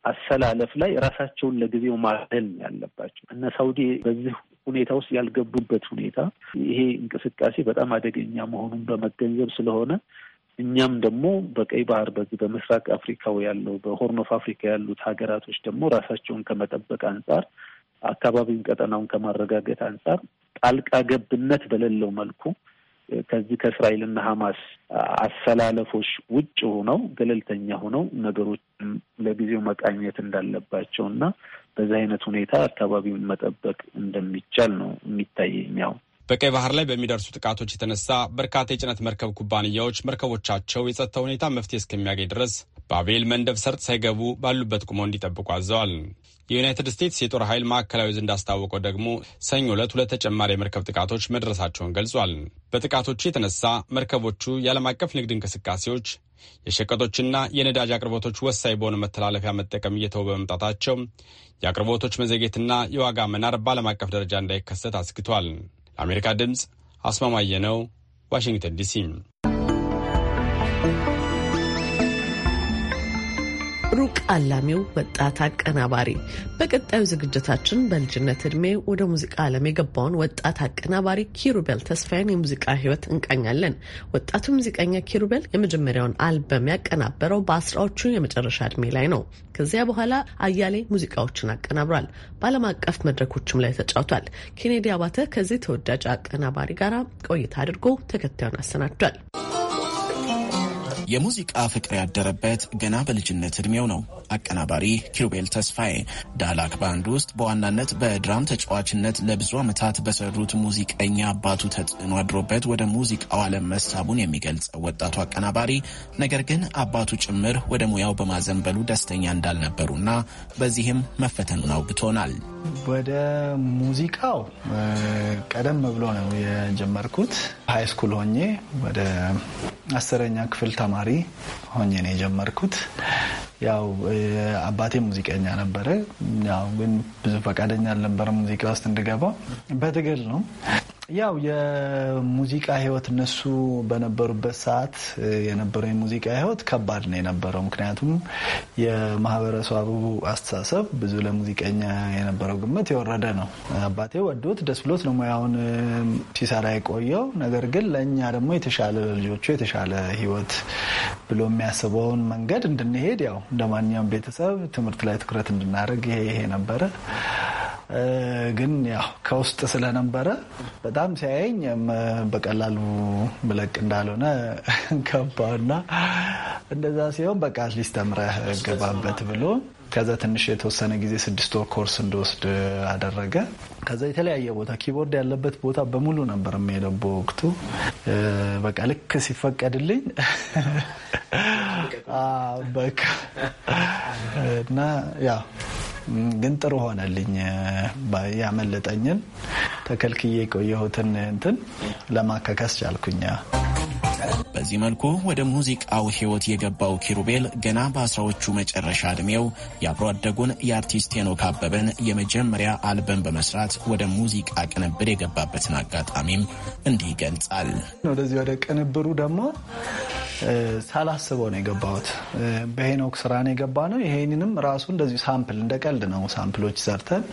አሰላለፍ ላይ ራሳቸውን ለጊዜው ማደል ያለባቸው እነ ሳውዲ በዚህ ሁኔታ ውስጥ ያልገቡበት ሁኔታ ይሄ እንቅስቃሴ በጣም አደገኛ መሆኑን በመገንዘብ ስለሆነ እኛም ደግሞ በቀይ ባህር በዚህ በምስራቅ አፍሪካው ያለው በሆርን ኦፍ አፍሪካ ያሉት ሀገራቶች ደግሞ ራሳቸውን ከመጠበቅ አንጻር አካባቢውን ቀጠናውን ከማረጋገጥ አንጻር ጣልቃ ገብነት በሌለው መልኩ ከዚህ ከእስራኤልና ሀማስ አሰላለፎች ውጭ ሆነው ገለልተኛ ሆነው ነገሮች ለጊዜው መቃኘት እንዳለባቸው እና በዚህ አይነት ሁኔታ አካባቢውን መጠበቅ እንደሚቻል ነው የሚታየኝ ያው በቀይ ባህር ላይ በሚደርሱ ጥቃቶች የተነሳ በርካታ የጭነት መርከብ ኩባንያዎች መርከቦቻቸው የጸጥታ ሁኔታ መፍትሄ እስከሚያገኝ ድረስ በአቤል መንደብ ሰርጥ ሳይገቡ ባሉበት ቁመው እንዲጠብቁ አዘዋል። የዩናይትድ ስቴትስ የጦር ኃይል ማዕከላዊ ዕዝ እንዳስታወቀው ደግሞ ሰኞ ዕለት ሁለት ተጨማሪ የመርከብ ጥቃቶች መድረሳቸውን ገልጿል። በጥቃቶቹ የተነሳ መርከቦቹ የዓለም አቀፍ ንግድ እንቅስቃሴዎች፣ የሸቀጦችና የነዳጅ አቅርቦቶች ወሳኝ በሆነ መተላለፊያ መጠቀም እየተው በመምጣታቸው የአቅርቦቶች መዘግየትና የዋጋ መናር በዓለም አቀፍ ደረጃ እንዳይከሰት አስግቷል። ለአሜሪካ ድምፅ አስማማየ ነው፣ ዋሽንግተን ዲሲ ሩቅ አላሚው ወጣት አቀናባሪ። በቀጣዩ ዝግጅታችን በልጅነት እድሜ ወደ ሙዚቃ ዓለም የገባውን ወጣት አቀናባሪ ኪሩቤል ተስፋዬን የሙዚቃ ህይወት እንቃኛለን። ወጣቱ ሙዚቀኛ ኪሩቤል የመጀመሪያውን አልበም ያቀናበረው በአስራዎቹ የመጨረሻ እድሜ ላይ ነው። ከዚያ በኋላ አያሌ ሙዚቃዎችን አቀናብሯል። በዓለም አቀፍ መድረኮችም ላይ ተጫውቷል። ኬኔዲ አባተ ከዚህ ተወዳጅ አቀናባሪ ጋር ቆይታ አድርጎ ተከታዩን አሰናድቷል። የሙዚቃ ፍቅር ያደረበት ገና በልጅነት ዕድሜው ነው። አቀናባሪ ኪሩቤል ተስፋዬ ዳላክ ባንድ ውስጥ በዋናነት በድራም ተጫዋችነት ለብዙ ዓመታት በሰሩት ሙዚቀኛ አባቱ ተጽዕኖ አድሮበት ወደ ሙዚቃው ዓለም መሳቡን የሚገልጸው ወጣቱ አቀናባሪ ነገር ግን አባቱ ጭምር ወደ ሙያው በማዘንበሉ ደስተኛ እንዳልነበሩና በዚህም መፈተኑን አውግቶናል። ወደ ሙዚቃው ቀደም ብሎ ነው የጀመርኩት። ሀይ ስኩል ሆኜ ወደ አስረኛ ክፍል ተማሪ ሆኜ ነው የጀመርኩት። ያው አባቴ ሙዚቀኛ ነበረ። ያው ግን ብዙ ፈቃደኛ አልነበረ ሙዚቃ ውስጥ እንድገባ። በትግል ነው ያው የሙዚቃ ህይወት እነሱ በነበሩበት ሰዓት የነበረው የሙዚቃ ህይወት ከባድ ነው የነበረው። ምክንያቱም የማህበረሰቡ አስተሳሰብ ብዙ ለሙዚቀኛ የነበረው ግምት የወረደ ነው። አባቴ ወዶት ደስ ብሎት ነው ሙያውን ሲሰራ የቆየው። ነገር ግን ለእኛ ደግሞ የተሻለ ልጆቹ የተሻለ ህይወት ብሎ የሚያስበውን መንገድ እንድንሄድ ያው እንደ ማንኛውም ቤተሰብ ትምህርት ላይ ትኩረት እንድናደርግ ይሄ ይሄ ነበረ። ግን ያው ከውስጥ ስለነበረ በጣም ሲያየኝ በቀላሉ ብለቅ እንዳልሆነ ገባውና እንደዛ ሲሆን በቃ አትሊስት ተምረህ ገባበት ብሎ ከዛ ትንሽ የተወሰነ ጊዜ ስድስት ወር ኮርስ እንደወስድ አደረገ። ከዛ የተለያየ ቦታ ኪቦርድ ያለበት ቦታ በሙሉ ነበር የሚሄደው። በወቅቱ በቃ ልክ ሲፈቀድልኝ (laughs) በቃ እና ያው ግን ጥሩ ሆነልኝ። ያመለጠኝን ተከልክዬ የቆየሁትን እንትን ለማከከስ ቻልኩኛ። በዚህ መልኩ ወደ ሙዚቃው ህይወት የገባው ኪሩቤል ገና በአስራዎቹ መጨረሻ ዕድሜው የአብሮ አደጉን የአርቲስት ሄኖክ አበበን የመጀመሪያ አልበም በመስራት ወደ ሙዚቃ ቅንብር የገባበትን አጋጣሚም እንዲህ ይገልጻል። ወደዚህ ወደ ቅንብሩ ደግሞ ሳላስበው ነው የገባሁት። በሄኖክ ስራ ነው የገባ ነው። ይሄንንም ራሱ እንደዚህ ሳምፕል እንደ ቀልድ ነው ሳምፕሎች ሰርተን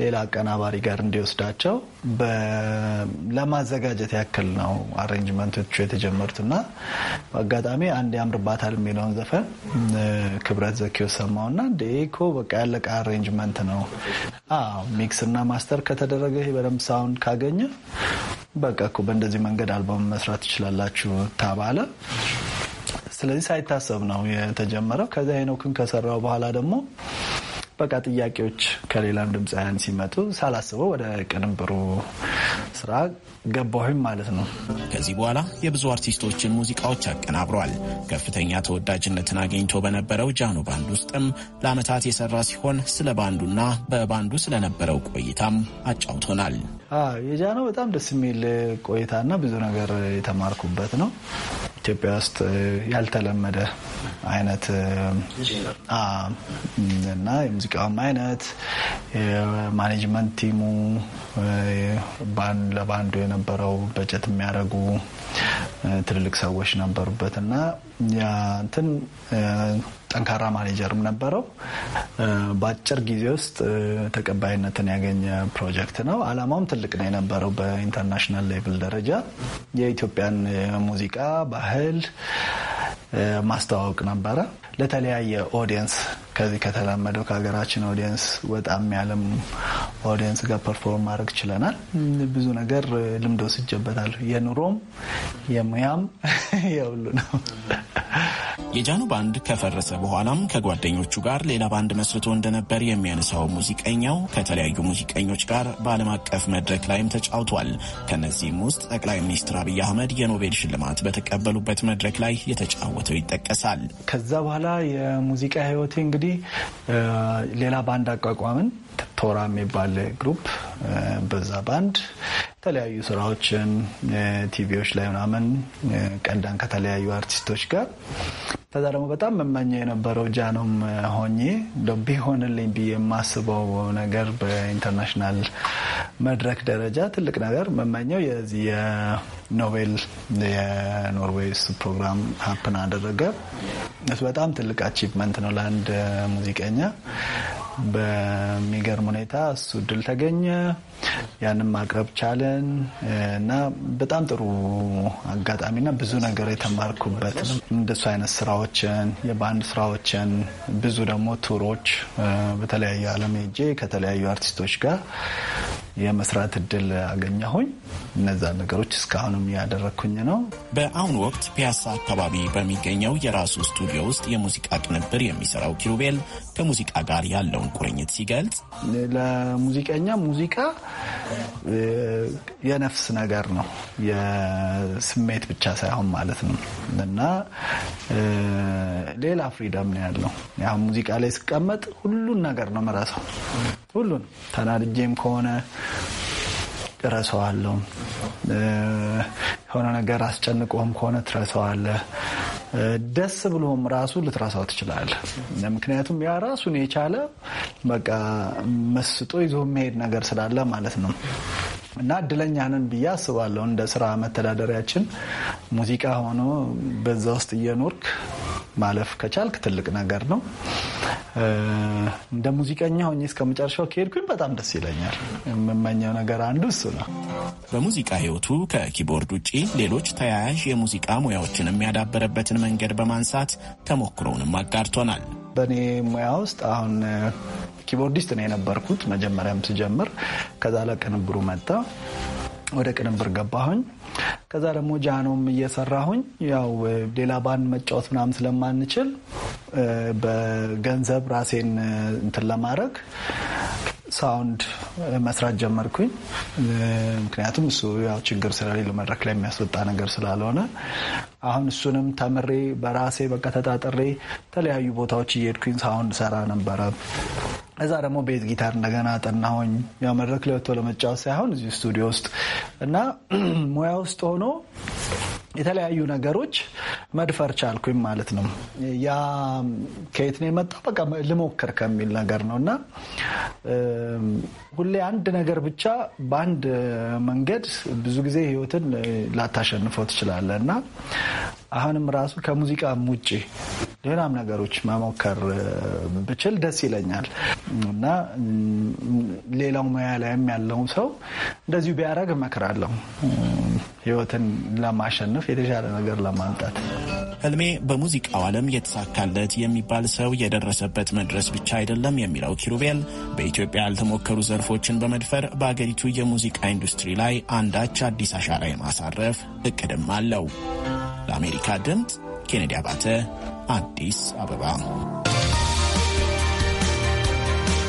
ሌላ አቀናባሪ ጋር እንዲወስዳቸው ለማዘጋጀት ያክል ነው አሬንጅመንቶቹ የተጀመ ጀመሩትና በአጋጣሚ አንድ ያምርባታል የሚለውን ዘፈን ክብረት ዘኪው ሰማውና ደኮ በቃ ያለቀ አሬንጅመንት ነው ሚክስ እና ማስተር ከተደረገ በደንብ ሳውንድ ካገኘ በቃ እኮ በእንደዚህ መንገድ አልበም መስራት ትችላላችሁ ተባለ። ስለዚህ ሳይታሰብ ነው የተጀመረው። ከዚያ አይኖክን ከሰራው በኋላ ደግሞ በቃ ጥያቄዎች ከሌላም ድምፃውያን ሲመጡ ሳላስበው ወደ ቅንብሩ ስራ ገባሁኝ ማለት ነው። ከዚህ በኋላ የብዙ አርቲስቶችን ሙዚቃዎች አቀናብሯል። ከፍተኛ ተወዳጅነትን አግኝቶ በነበረው ጃኖ ባንድ ውስጥም ለአመታት የሰራ ሲሆን ስለ ባንዱና በባንዱ ስለነበረው ቆይታም አጫውቶናል። የጃኖ በጣም ደስ የሚል ቆይታና ብዙ ነገር የተማርኩበት ነው። ኢትዮጵያ ውስጥ ያልተለመደ አይነት እና የሙዚቃውም አይነት የማኔጅመንት ቲሙ ለባንዱ የነበረው በጀት የሚያደርጉ ትልልቅ ሰዎች ነበሩበት እና እንትን ጠንካራ ማኔጀርም ነበረው። በአጭር ጊዜ ውስጥ ተቀባይነትን ያገኘ ፕሮጀክት ነው። አላማውም ትልቅ ነው የነበረው። በኢንተርናሽናል ሌቭል ደረጃ የኢትዮጵያን ሙዚቃ ባህል ማስተዋወቅ ነበረ። ለተለያየ ኦዲየንስ ከዚህ ከተለመደው ከሀገራችን ኦዲየንስ በጣም ያለም ኦዲየንስ ጋር ፐርፎርም ማድረግ ችለናል። ብዙ ነገር ልምድ ወስጄበታል። የኑሮም የሙያም (laughs) የሁሉ ነው። የጃኖ ባንድ ከፈረሰ በኋላም ከጓደኞቹ ጋር ሌላ ባንድ መስርቶ እንደነበር የሚያነሳው ሙዚቀኛው ከተለያዩ ሙዚቀኞች ጋር በዓለም አቀፍ መድረክ ላይም ተጫውቷል። ከነዚህም ውስጥ ጠቅላይ ሚኒስትር አብይ አህመድ የኖቤል ሽልማት በተቀበሉበት መድረክ ላይ የተጫወተው ይጠቀሳል። ከዛ በኋላ የሙዚቃ ህይወቴ እንግዲህ ሌላ ባንድ አቋቋምን። ቶራ የሚባል ግሩፕ በዛ ባንድ የተለያዩ ስራዎችን ቲቪዎች ላይ ምናምን ቀንዳን ከተለያዩ አርቲስቶች ጋር። ከዛ ደግሞ በጣም መመኘው የነበረው ጃኖም ሆኜ ቢሆንልኝ ብዬ የማስበው ነገር በኢንተርናሽናል መድረክ ደረጃ ትልቅ ነገር መመኘው የዚህ የኖቤል የኖርዌይስ ፕሮግራም ሀፕን አደረገ። እሱ በጣም ትልቅ አቺቭመንት ነው ለአንድ ሙዚቀኛ። በሚገርም ሁኔታ እሱ እድል ተገኘ፣ ያንም ማቅረብ ቻለን እና በጣም ጥሩ አጋጣሚና ብዙ ነገር የተማርኩበት እንደሱ አይነት ስራዎችን የባንድ ስራዎችን ብዙ ደግሞ ቱሮች በተለያዩ አለም ሄጄ ከተለያዩ አርቲስቶች ጋር የመስራት እድል አገኘሁኝ። እነዛ ነገሮች እስካሁንም ያደረግኩኝ ነው። በአሁኑ ወቅት ፒያሳ አካባቢ በሚገኘው የራሱ ስቱዲዮ ውስጥ የሙዚቃ ቅንብር የሚሰራው ኪሩቤል ከሙዚቃ ጋር ያለውን ቁርኝት ሲገልጽ ለሙዚቀኛ ሙዚቃ የነፍስ ነገር ነው፣ የስሜት ብቻ ሳይሆን ማለት ነው እና ሌላ ፍሪደም ነው ያለው። ያው ሙዚቃ ላይ ስቀመጥ ሁሉን ነገር ነው መራሰው ሁሉን ተናድጄም ከሆነ እረሳዋለሁ። የሆነ ነገር አስጨንቆም ከሆነ ትረሳዋለህ። ደስ ብሎም ራሱ ልትረሳው ትችላለህ። ምክንያቱም ያ ራሱን የቻለ በቃ መስጦ ይዞ የሚሄድ ነገር ስላለ ማለት ነው። እና እድለኛ ነን ብዬ አስባለሁ። እንደ ስራ መተዳደሪያችን ሙዚቃ ሆኖ በዛ ውስጥ እየኖርክ ማለፍ ከቻልክ ትልቅ ነገር ነው። እንደ ሙዚቀኛ ሆኜ እስከ መጨረሻው ከሄድኩኝ በጣም ደስ ይለኛል። የምመኘው ነገር አንዱ እሱ ነው። በሙዚቃ ህይወቱ ከኪቦርድ ውጪ ሌሎች ተያያዥ የሙዚቃ ሙያዎችን የሚያዳበረበትን መንገድ በማንሳት ተሞክሮውንም አጋርቶናል። በእኔ ሙያ ውስጥ አሁን ኪቦርዲስት ነው የነበርኩት መጀመሪያም ስጀምር። ከዛ ለቅንብሩ መጣ ወደ ቅንብር ገባሁኝ። ከዛ ደግሞ ጃኖም እየሰራሁኝ ያው ሌላ ባንድ መጫወት ምናምን ስለማንችል በገንዘብ ራሴን እንትን ለማድረግ ሳውንድ መስራት ጀመርኩኝ። ምክንያቱም እሱ ያው ችግር ስለሌለው መድረክ ላይ የሚያስወጣ ነገር ስላልሆነ አሁን እሱንም ተምሬ በራሴ በቃ ተጣጥሬ የተለያዩ ቦታዎች እየሄድኩኝ ሳውንድ ሰራ ነበረ። እዛ ደግሞ ቤት ጊታር እንደገና ጠናሆኝ ያው መድረክ ላይ ወጥቶ ለመጫወት ሳይሆን እዚህ ስቱዲዮ ውስጥ እና (clears throat) ሙያ ውስጥ ሆኖ የተለያዩ ነገሮች መድፈር ቻልኩኝ ማለት ነው። ያ ከየት ነው የመጣው? በቃ ልሞክር ከሚል ነገር ነው እና ሁሌ አንድ ነገር ብቻ በአንድ መንገድ ብዙ ጊዜ ህይወትን ላታሸንፈው ትችላለህ እና አሁንም ራሱ ከሙዚቃም ውጭ ሌላም ነገሮች መሞከር ብችል ደስ ይለኛል እና ሌላው ሙያ ላይም ያለው ሰው እንደዚሁ ቢያደርግ እመክራለሁ። ህይወትን ለማሸነፍ የተሻለ ነገር ለማምጣት ህልሜ በሙዚቃው ዓለም የተሳካለት የሚባል ሰው የደረሰበት መድረስ ብቻ አይደለም የሚለው ኪሩቤል በኢትዮጵያ ያልተሞከሩ ዘርፎችን በመድፈር በአገሪቱ የሙዚቃ ኢንዱስትሪ ላይ አንዳች አዲስ አሻራ የማሳረፍ እቅድም አለው። ለአሜሪካ ድምፅ ኬኔዲ አባተ አዲስ አበባ።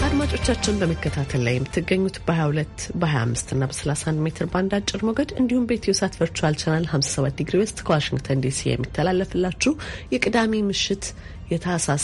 አድማጮቻችን በመከታተል ላይ የምትገኙት በ22 በ25 እና በ31 ሜትር ባንድ አጭር ሞገድ እንዲሁም በኢትዮ ሳት ቨርቹዋል ቻናል 57 ዲግሪ ዌስት ከዋሽንግተን ዲሲ የሚተላለፍላችሁ የቅዳሜ ምሽት የታህሳስ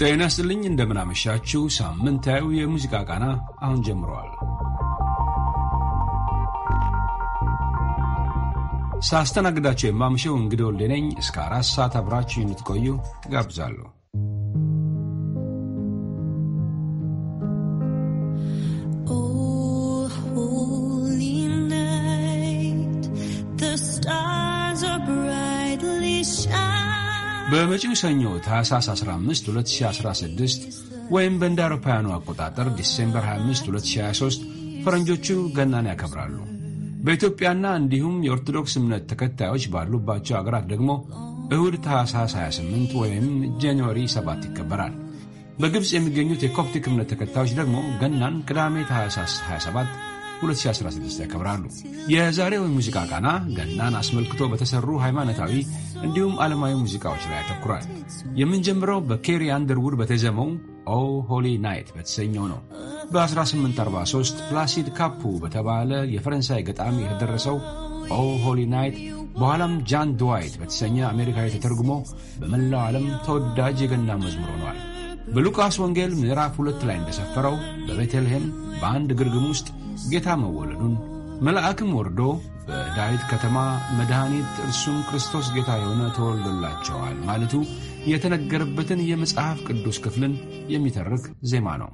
ጤና ይስጥልኝ። እንደምናመሻችሁ። ሳምንታዊ የሙዚቃ ቃና አሁን ጀምረዋል። ሳስተናግዳቸው የማምሸው እንግዲህ ወልዴ ነኝ። እስከ አራት ሰዓት አብራችሁ እንድትቆዩ ጋብዛለሁ። በመጪው ሰኞ ታህሳስ 15 2016 ወይም በእንደ አውሮፓውያኑ አቆጣጠር ዲሴምበር 25 2023 ፈረንጆቹ ገናን ያከብራሉ። በኢትዮጵያና እንዲሁም የኦርቶዶክስ እምነት ተከታዮች ባሉባቸው አገራት ደግሞ እሁድ ታህሳስ 28 ወይም ጃንዋሪ 7 ይከበራል። በግብፅ የሚገኙት የኮፕቲክ እምነት ተከታዮች ደግሞ ገናን ቅዳሜ ታህሳስ 27 2016 ያከብራሉ። የዛሬው የሙዚቃ ቃና ገናን አስመልክቶ በተሰሩ ሃይማኖታዊ እንዲሁም ዓለማዊ ሙዚቃዎች ላይ ያተኩራል። የምንጀምረው በኬሪ አንደርውድ በተዘመው ኦ ሆሊ ናይት በተሰኘው ነው። በ1843 ፕላሲድ ካፑ በተባለ የፈረንሳይ ገጣሚ የተደረሰው ኦ ሆሊ ናይት በኋላም ጃን ድዋይት በተሰኘ አሜሪካዊ ተተርጉሞ በመላው ዓለም ተወዳጅ የገና መዝሙር ሆኗል። በሉቃስ ወንጌል ምዕራፍ ሁለት ላይ እንደሰፈረው በቤተልሔም በአንድ ግርግም ውስጥ ጌታ መወለዱን መልአክም ወርዶ በዳዊት ከተማ መድኃኒት እርሱም ክርስቶስ ጌታ የሆነ ተወልዶላቸዋል ማለቱ የተነገረበትን የመጽሐፍ ቅዱስ ክፍልን የሚተርክ ዜማ ነው።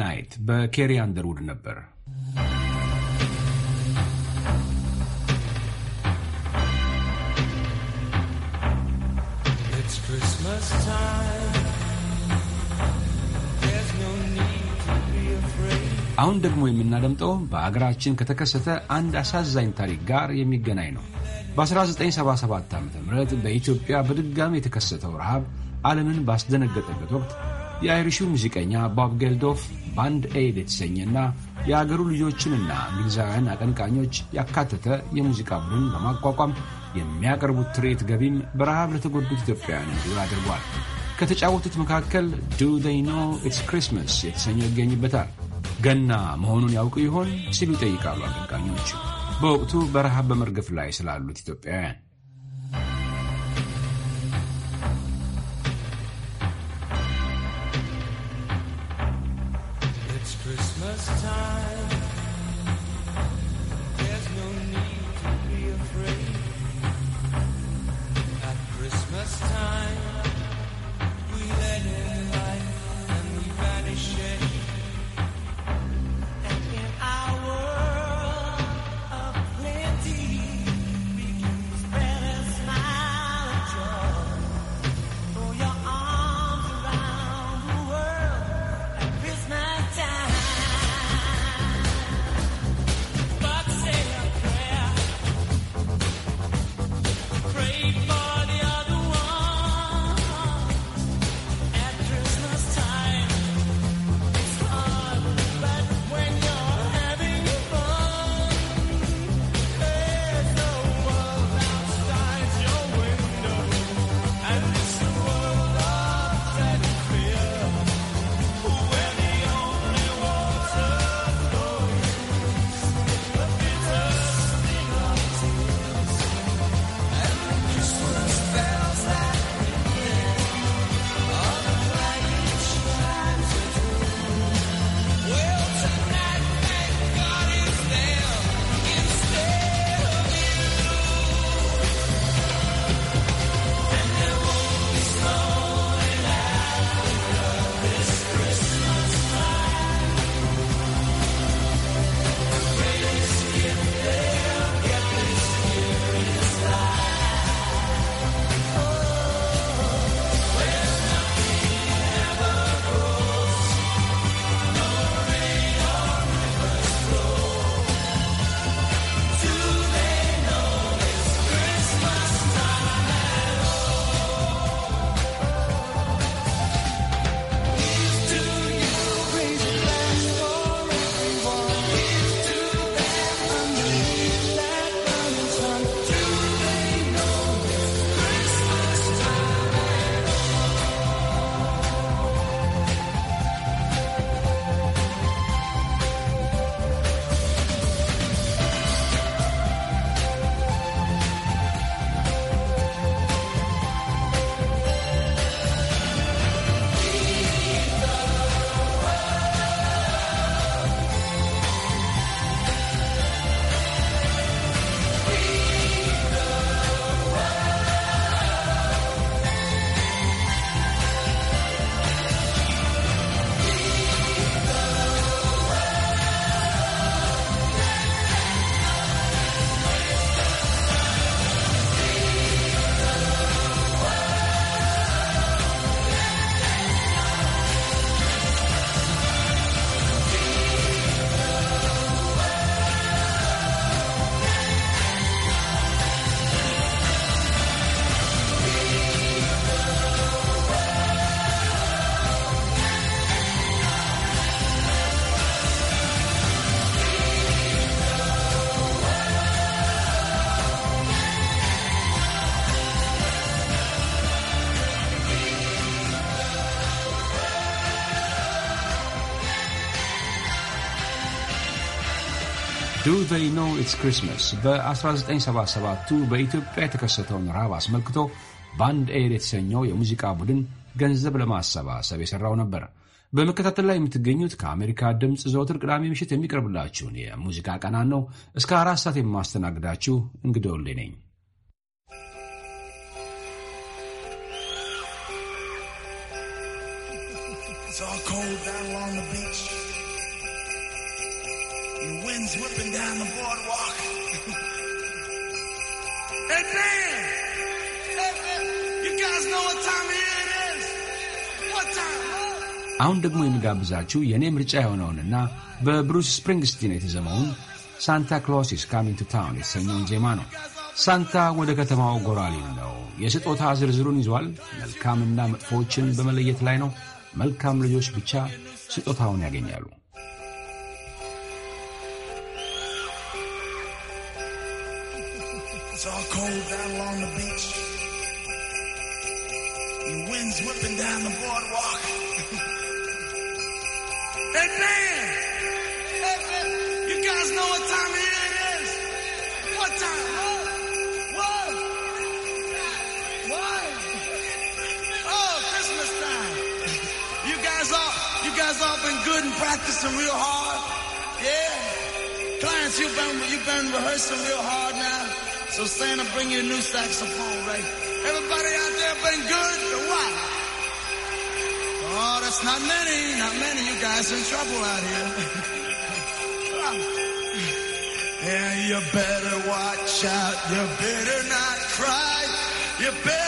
ናይት በኬሪ አንደርውድ ነበር። አሁን ደግሞ የምናደምጠው በአገራችን ከተከሰተ አንድ አሳዛኝ ታሪክ ጋር የሚገናኝ ነው። በ1977 ዓ ም በኢትዮጵያ በድጋሚ የተከሰተው ረሃብ ዓለምን ባስደነገጠበት ወቅት የአይሪሹ ሙዚቀኛ ቦብ ጌልዶፍ ባንድ የተሰኘ የተሰኘና የአገሩ ልጆችንና እንግሊዛውያን አቀንቃኞች ያካተተ የሙዚቃ ቡድን በማቋቋም የሚያቀርቡት ትርኢት ገቢም በረሃብ ለተጎዱት ኢትዮጵያውያን እንዲውል አድርጓል። ከተጫወቱት መካከል ዱ ዴይ ኖ ኢትስ ክሪስማስ የተሰኘው ይገኝበታል። ገና መሆኑን ያውቁ ይሆን ሲሉ ይጠይቃሉ አቀንቃኞች በወቅቱ በረሃብ በመርገፍ ላይ ስላሉት ኢትዮጵያውያን time. they know it's Christmas በ1977 በኢትዮጵያ የተከሰተውን ረሃብ አስመልክቶ ባንድ ኤድ የተሰኘው የሙዚቃ ቡድን ገንዘብ ለማሰባሰብ የሠራው ነበር። በመከታተል ላይ የምትገኙት ከአሜሪካ ድምፅ ዘወትር ቅዳሜ ምሽት የሚቀርብላችሁን የሙዚቃ ቀናን ነው። እስከ አራት ሰዓት የማስተናግዳችሁ እንግደውልኝ ነኝ። It's all cold down along the beach. and the wind's whipping down the boardwalk. (laughs) hey, Dan! You guys know what time it is? What time? አሁን ደግሞ የምጋብዛችሁ የእኔ ምርጫ የሆነውንና በብሩስ ስፕሪንግስቲን የተዘመውን ሳንታ ክሎስ ኢዝ ካሚንግ ቱ ታውን የተሰኘውን ዜማ ነው። ሳንታ ወደ ከተማው ጎራ ሊል ነው። የስጦታ ዝርዝሩን ይዟል። መልካምና መጥፎዎችን በመለየት ላይ ነው። መልካም ልጆች ብቻ ስጦታውን ያገኛሉ። It's all cold down along the beach. The wind's whipping down the boardwalk. (laughs) hey, man! Hey, man! You guys know what time it is? What time? What? What? What? Oh, Christmas time. you guys all, you guys all been good and practicing real hard. Yeah. Clients, you've been, you've been rehearsing real hard now. So Santa bring you a new saxophone, right? Everybody out there been good or what? Oh, that's not many, not many. You guys in trouble out here. And (laughs) you better watch out. You better not cry. You better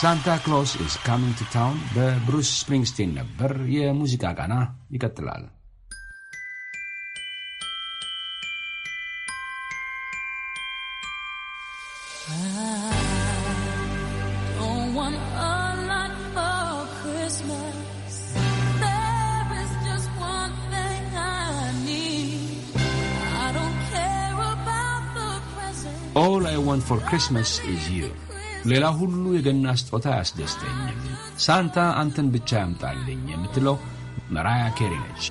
ሳንታ ክሎስ ኢዝ ካሚንግ ቱ ታውን በብሩስ ስፕሪንግስቲን ነበር። የሙዚቃ ቃና ይቀጥላል። All I want for Christmas is you. ሌላ ሁሉ የገና ስጦታ አያስደስተኝም፣ ሳንታ አንተን ብቻ ያምጣልኝ የምትለው መራያ ኬሪ ነች።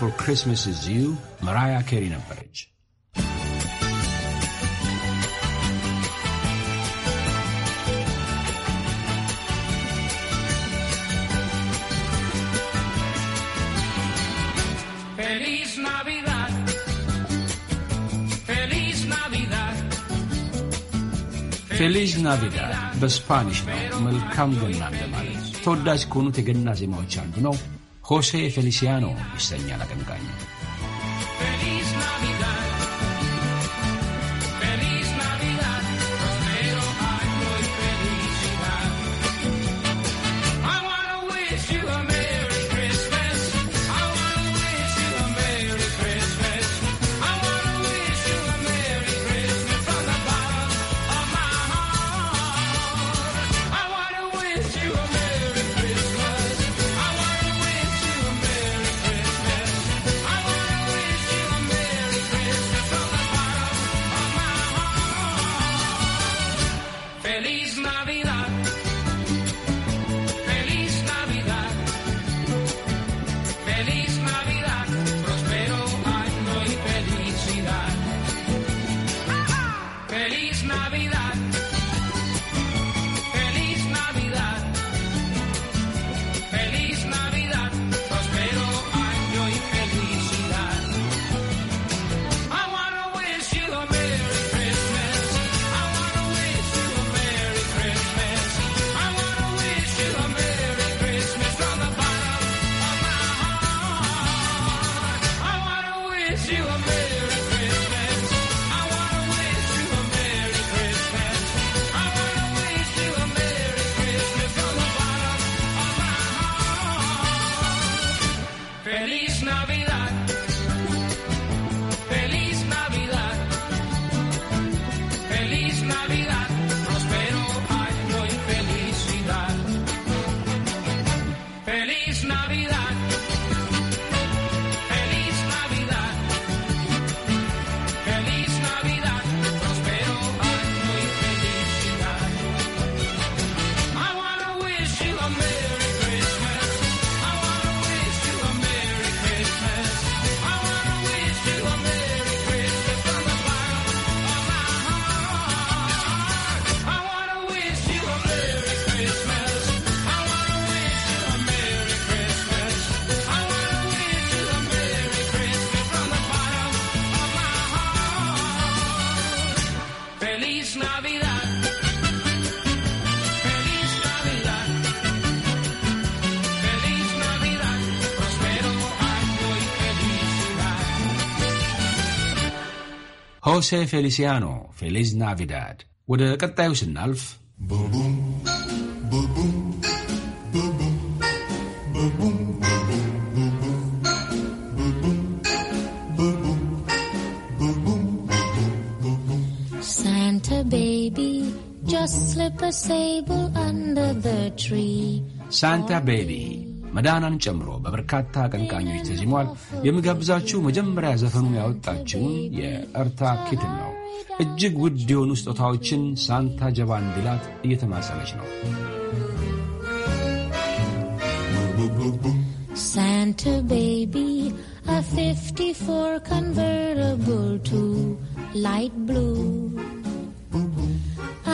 for Christmas is You መራያ ኬሪ ነበረች። ፌሊዝ ናቪዳድ በስፓኒሽ ነው መልካም ገና እንደማለት። ተወዳጅ ከሆኑት የገና ዜማዎች አንዱ ነው። José Feliciano, señala la campaña. ሆሴ ፌሊሲያኖ ፌሊዝ ናቪዳድ። ወደ ቀጣዩ ስናልፍ Santa baby just slip a sable under the tree Santa baby መዳናን ጨምሮ በበርካታ አቀንቃኞች ተዚሟል። የምጋብዛችሁ መጀመሪያ ዘፈኑን ያወጣችውን የእርታ ኪትን ነው። እጅግ ውድ የሆኑ ስጦታዎችን ሳንታ ጀባ እንዲላት እየተማጸነች ነው። Santa baby, a 54 convertible to light blue.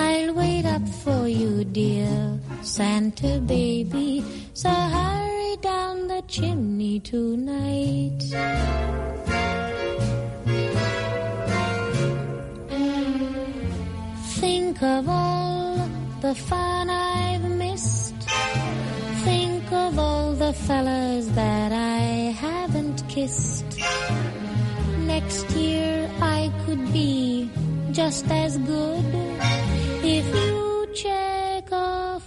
I'll wait up for you, dear. Santa baby, so hurry down the chimney tonight. Think of all the fun I've missed. Think of all the fellas that I haven't kissed. Next year I could be just as good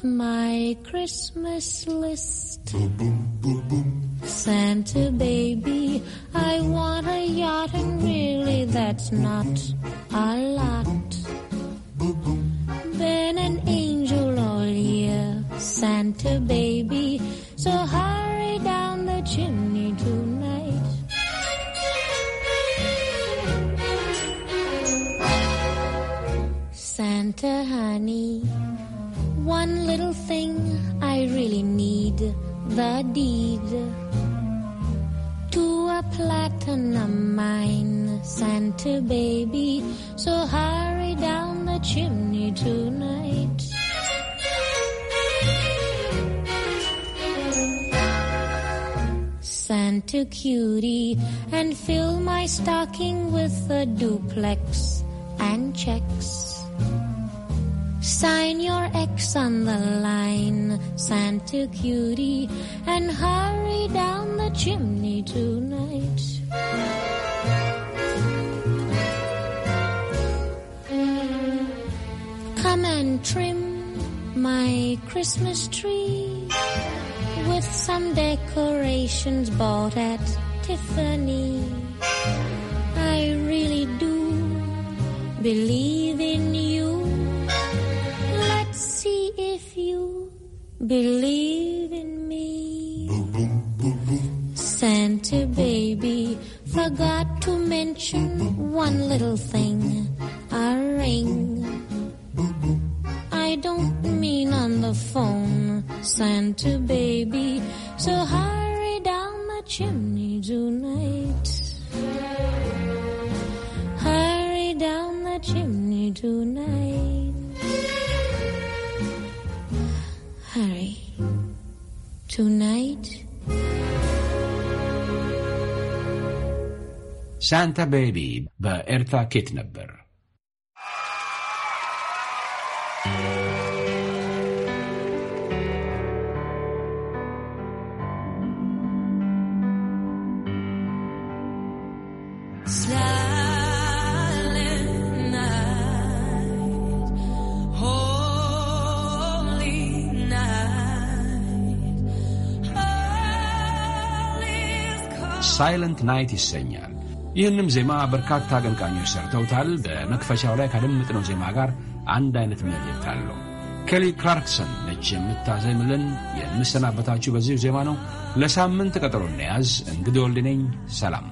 my Christmas list. Boom, boom, boom, boom. Santa baby, I want a yacht, and really that's not a lot. Been an angel all year, Santa baby, so hurry down the chimney tonight. Santa honey one little thing I really need the deed to a platinum mine, Santa baby. So hurry down the chimney tonight. Santa cutie, and fill my stocking with a duplex and checks. Sign your X on the line, Santa cutie, and hurry down the chimney tonight. Come and trim my Christmas tree with some decorations bought at Tiffany. I really do believe in you see if you believe in me. Santa baby forgot to mention one little thing a ring. I don't mean on the phone, Santa baby. So hurry down the chimney tonight. tonight. Santa Baby by Ertha Kitnabber. ሳይለንት ናይት ይሰኛል። ይህንም ዜማ በርካታ አቀንቃኞች ሰርተውታል። በመክፈቻው ላይ ካደመጥነው ዜማ ጋር አንድ አይነት መልእክት አለው። ኬሊ ክላርክሰን ነች የምታዘምልን። የምሰናበታችሁ በዚሁ ዜማ ነው። ለሳምንት ቀጠሮ እንያዝ። እንግዲህ ወልድ ነኝ። ሰላም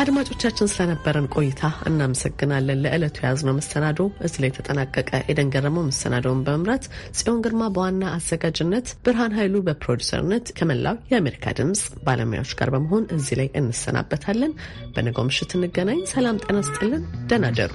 አድማጮቻችን ስለነበረን ቆይታ እናመሰግናለን። ለዕለቱ የያዝነው መሰናዶ እዚህ ላይ የተጠናቀቀ። ኤደን ገረመው መሰናዶውን በመምራት ጽዮን ግርማ በዋና አዘጋጅነት፣ ብርሃን ኃይሉ በፕሮዲሰርነት ከመላው የአሜሪካ ድምፅ ባለሙያዎች ጋር በመሆን እዚህ ላይ እንሰናበታለን። በነገው ምሽት እንገናኝ። ሰላም ጤና ስጥልን። ደህና ደሩ።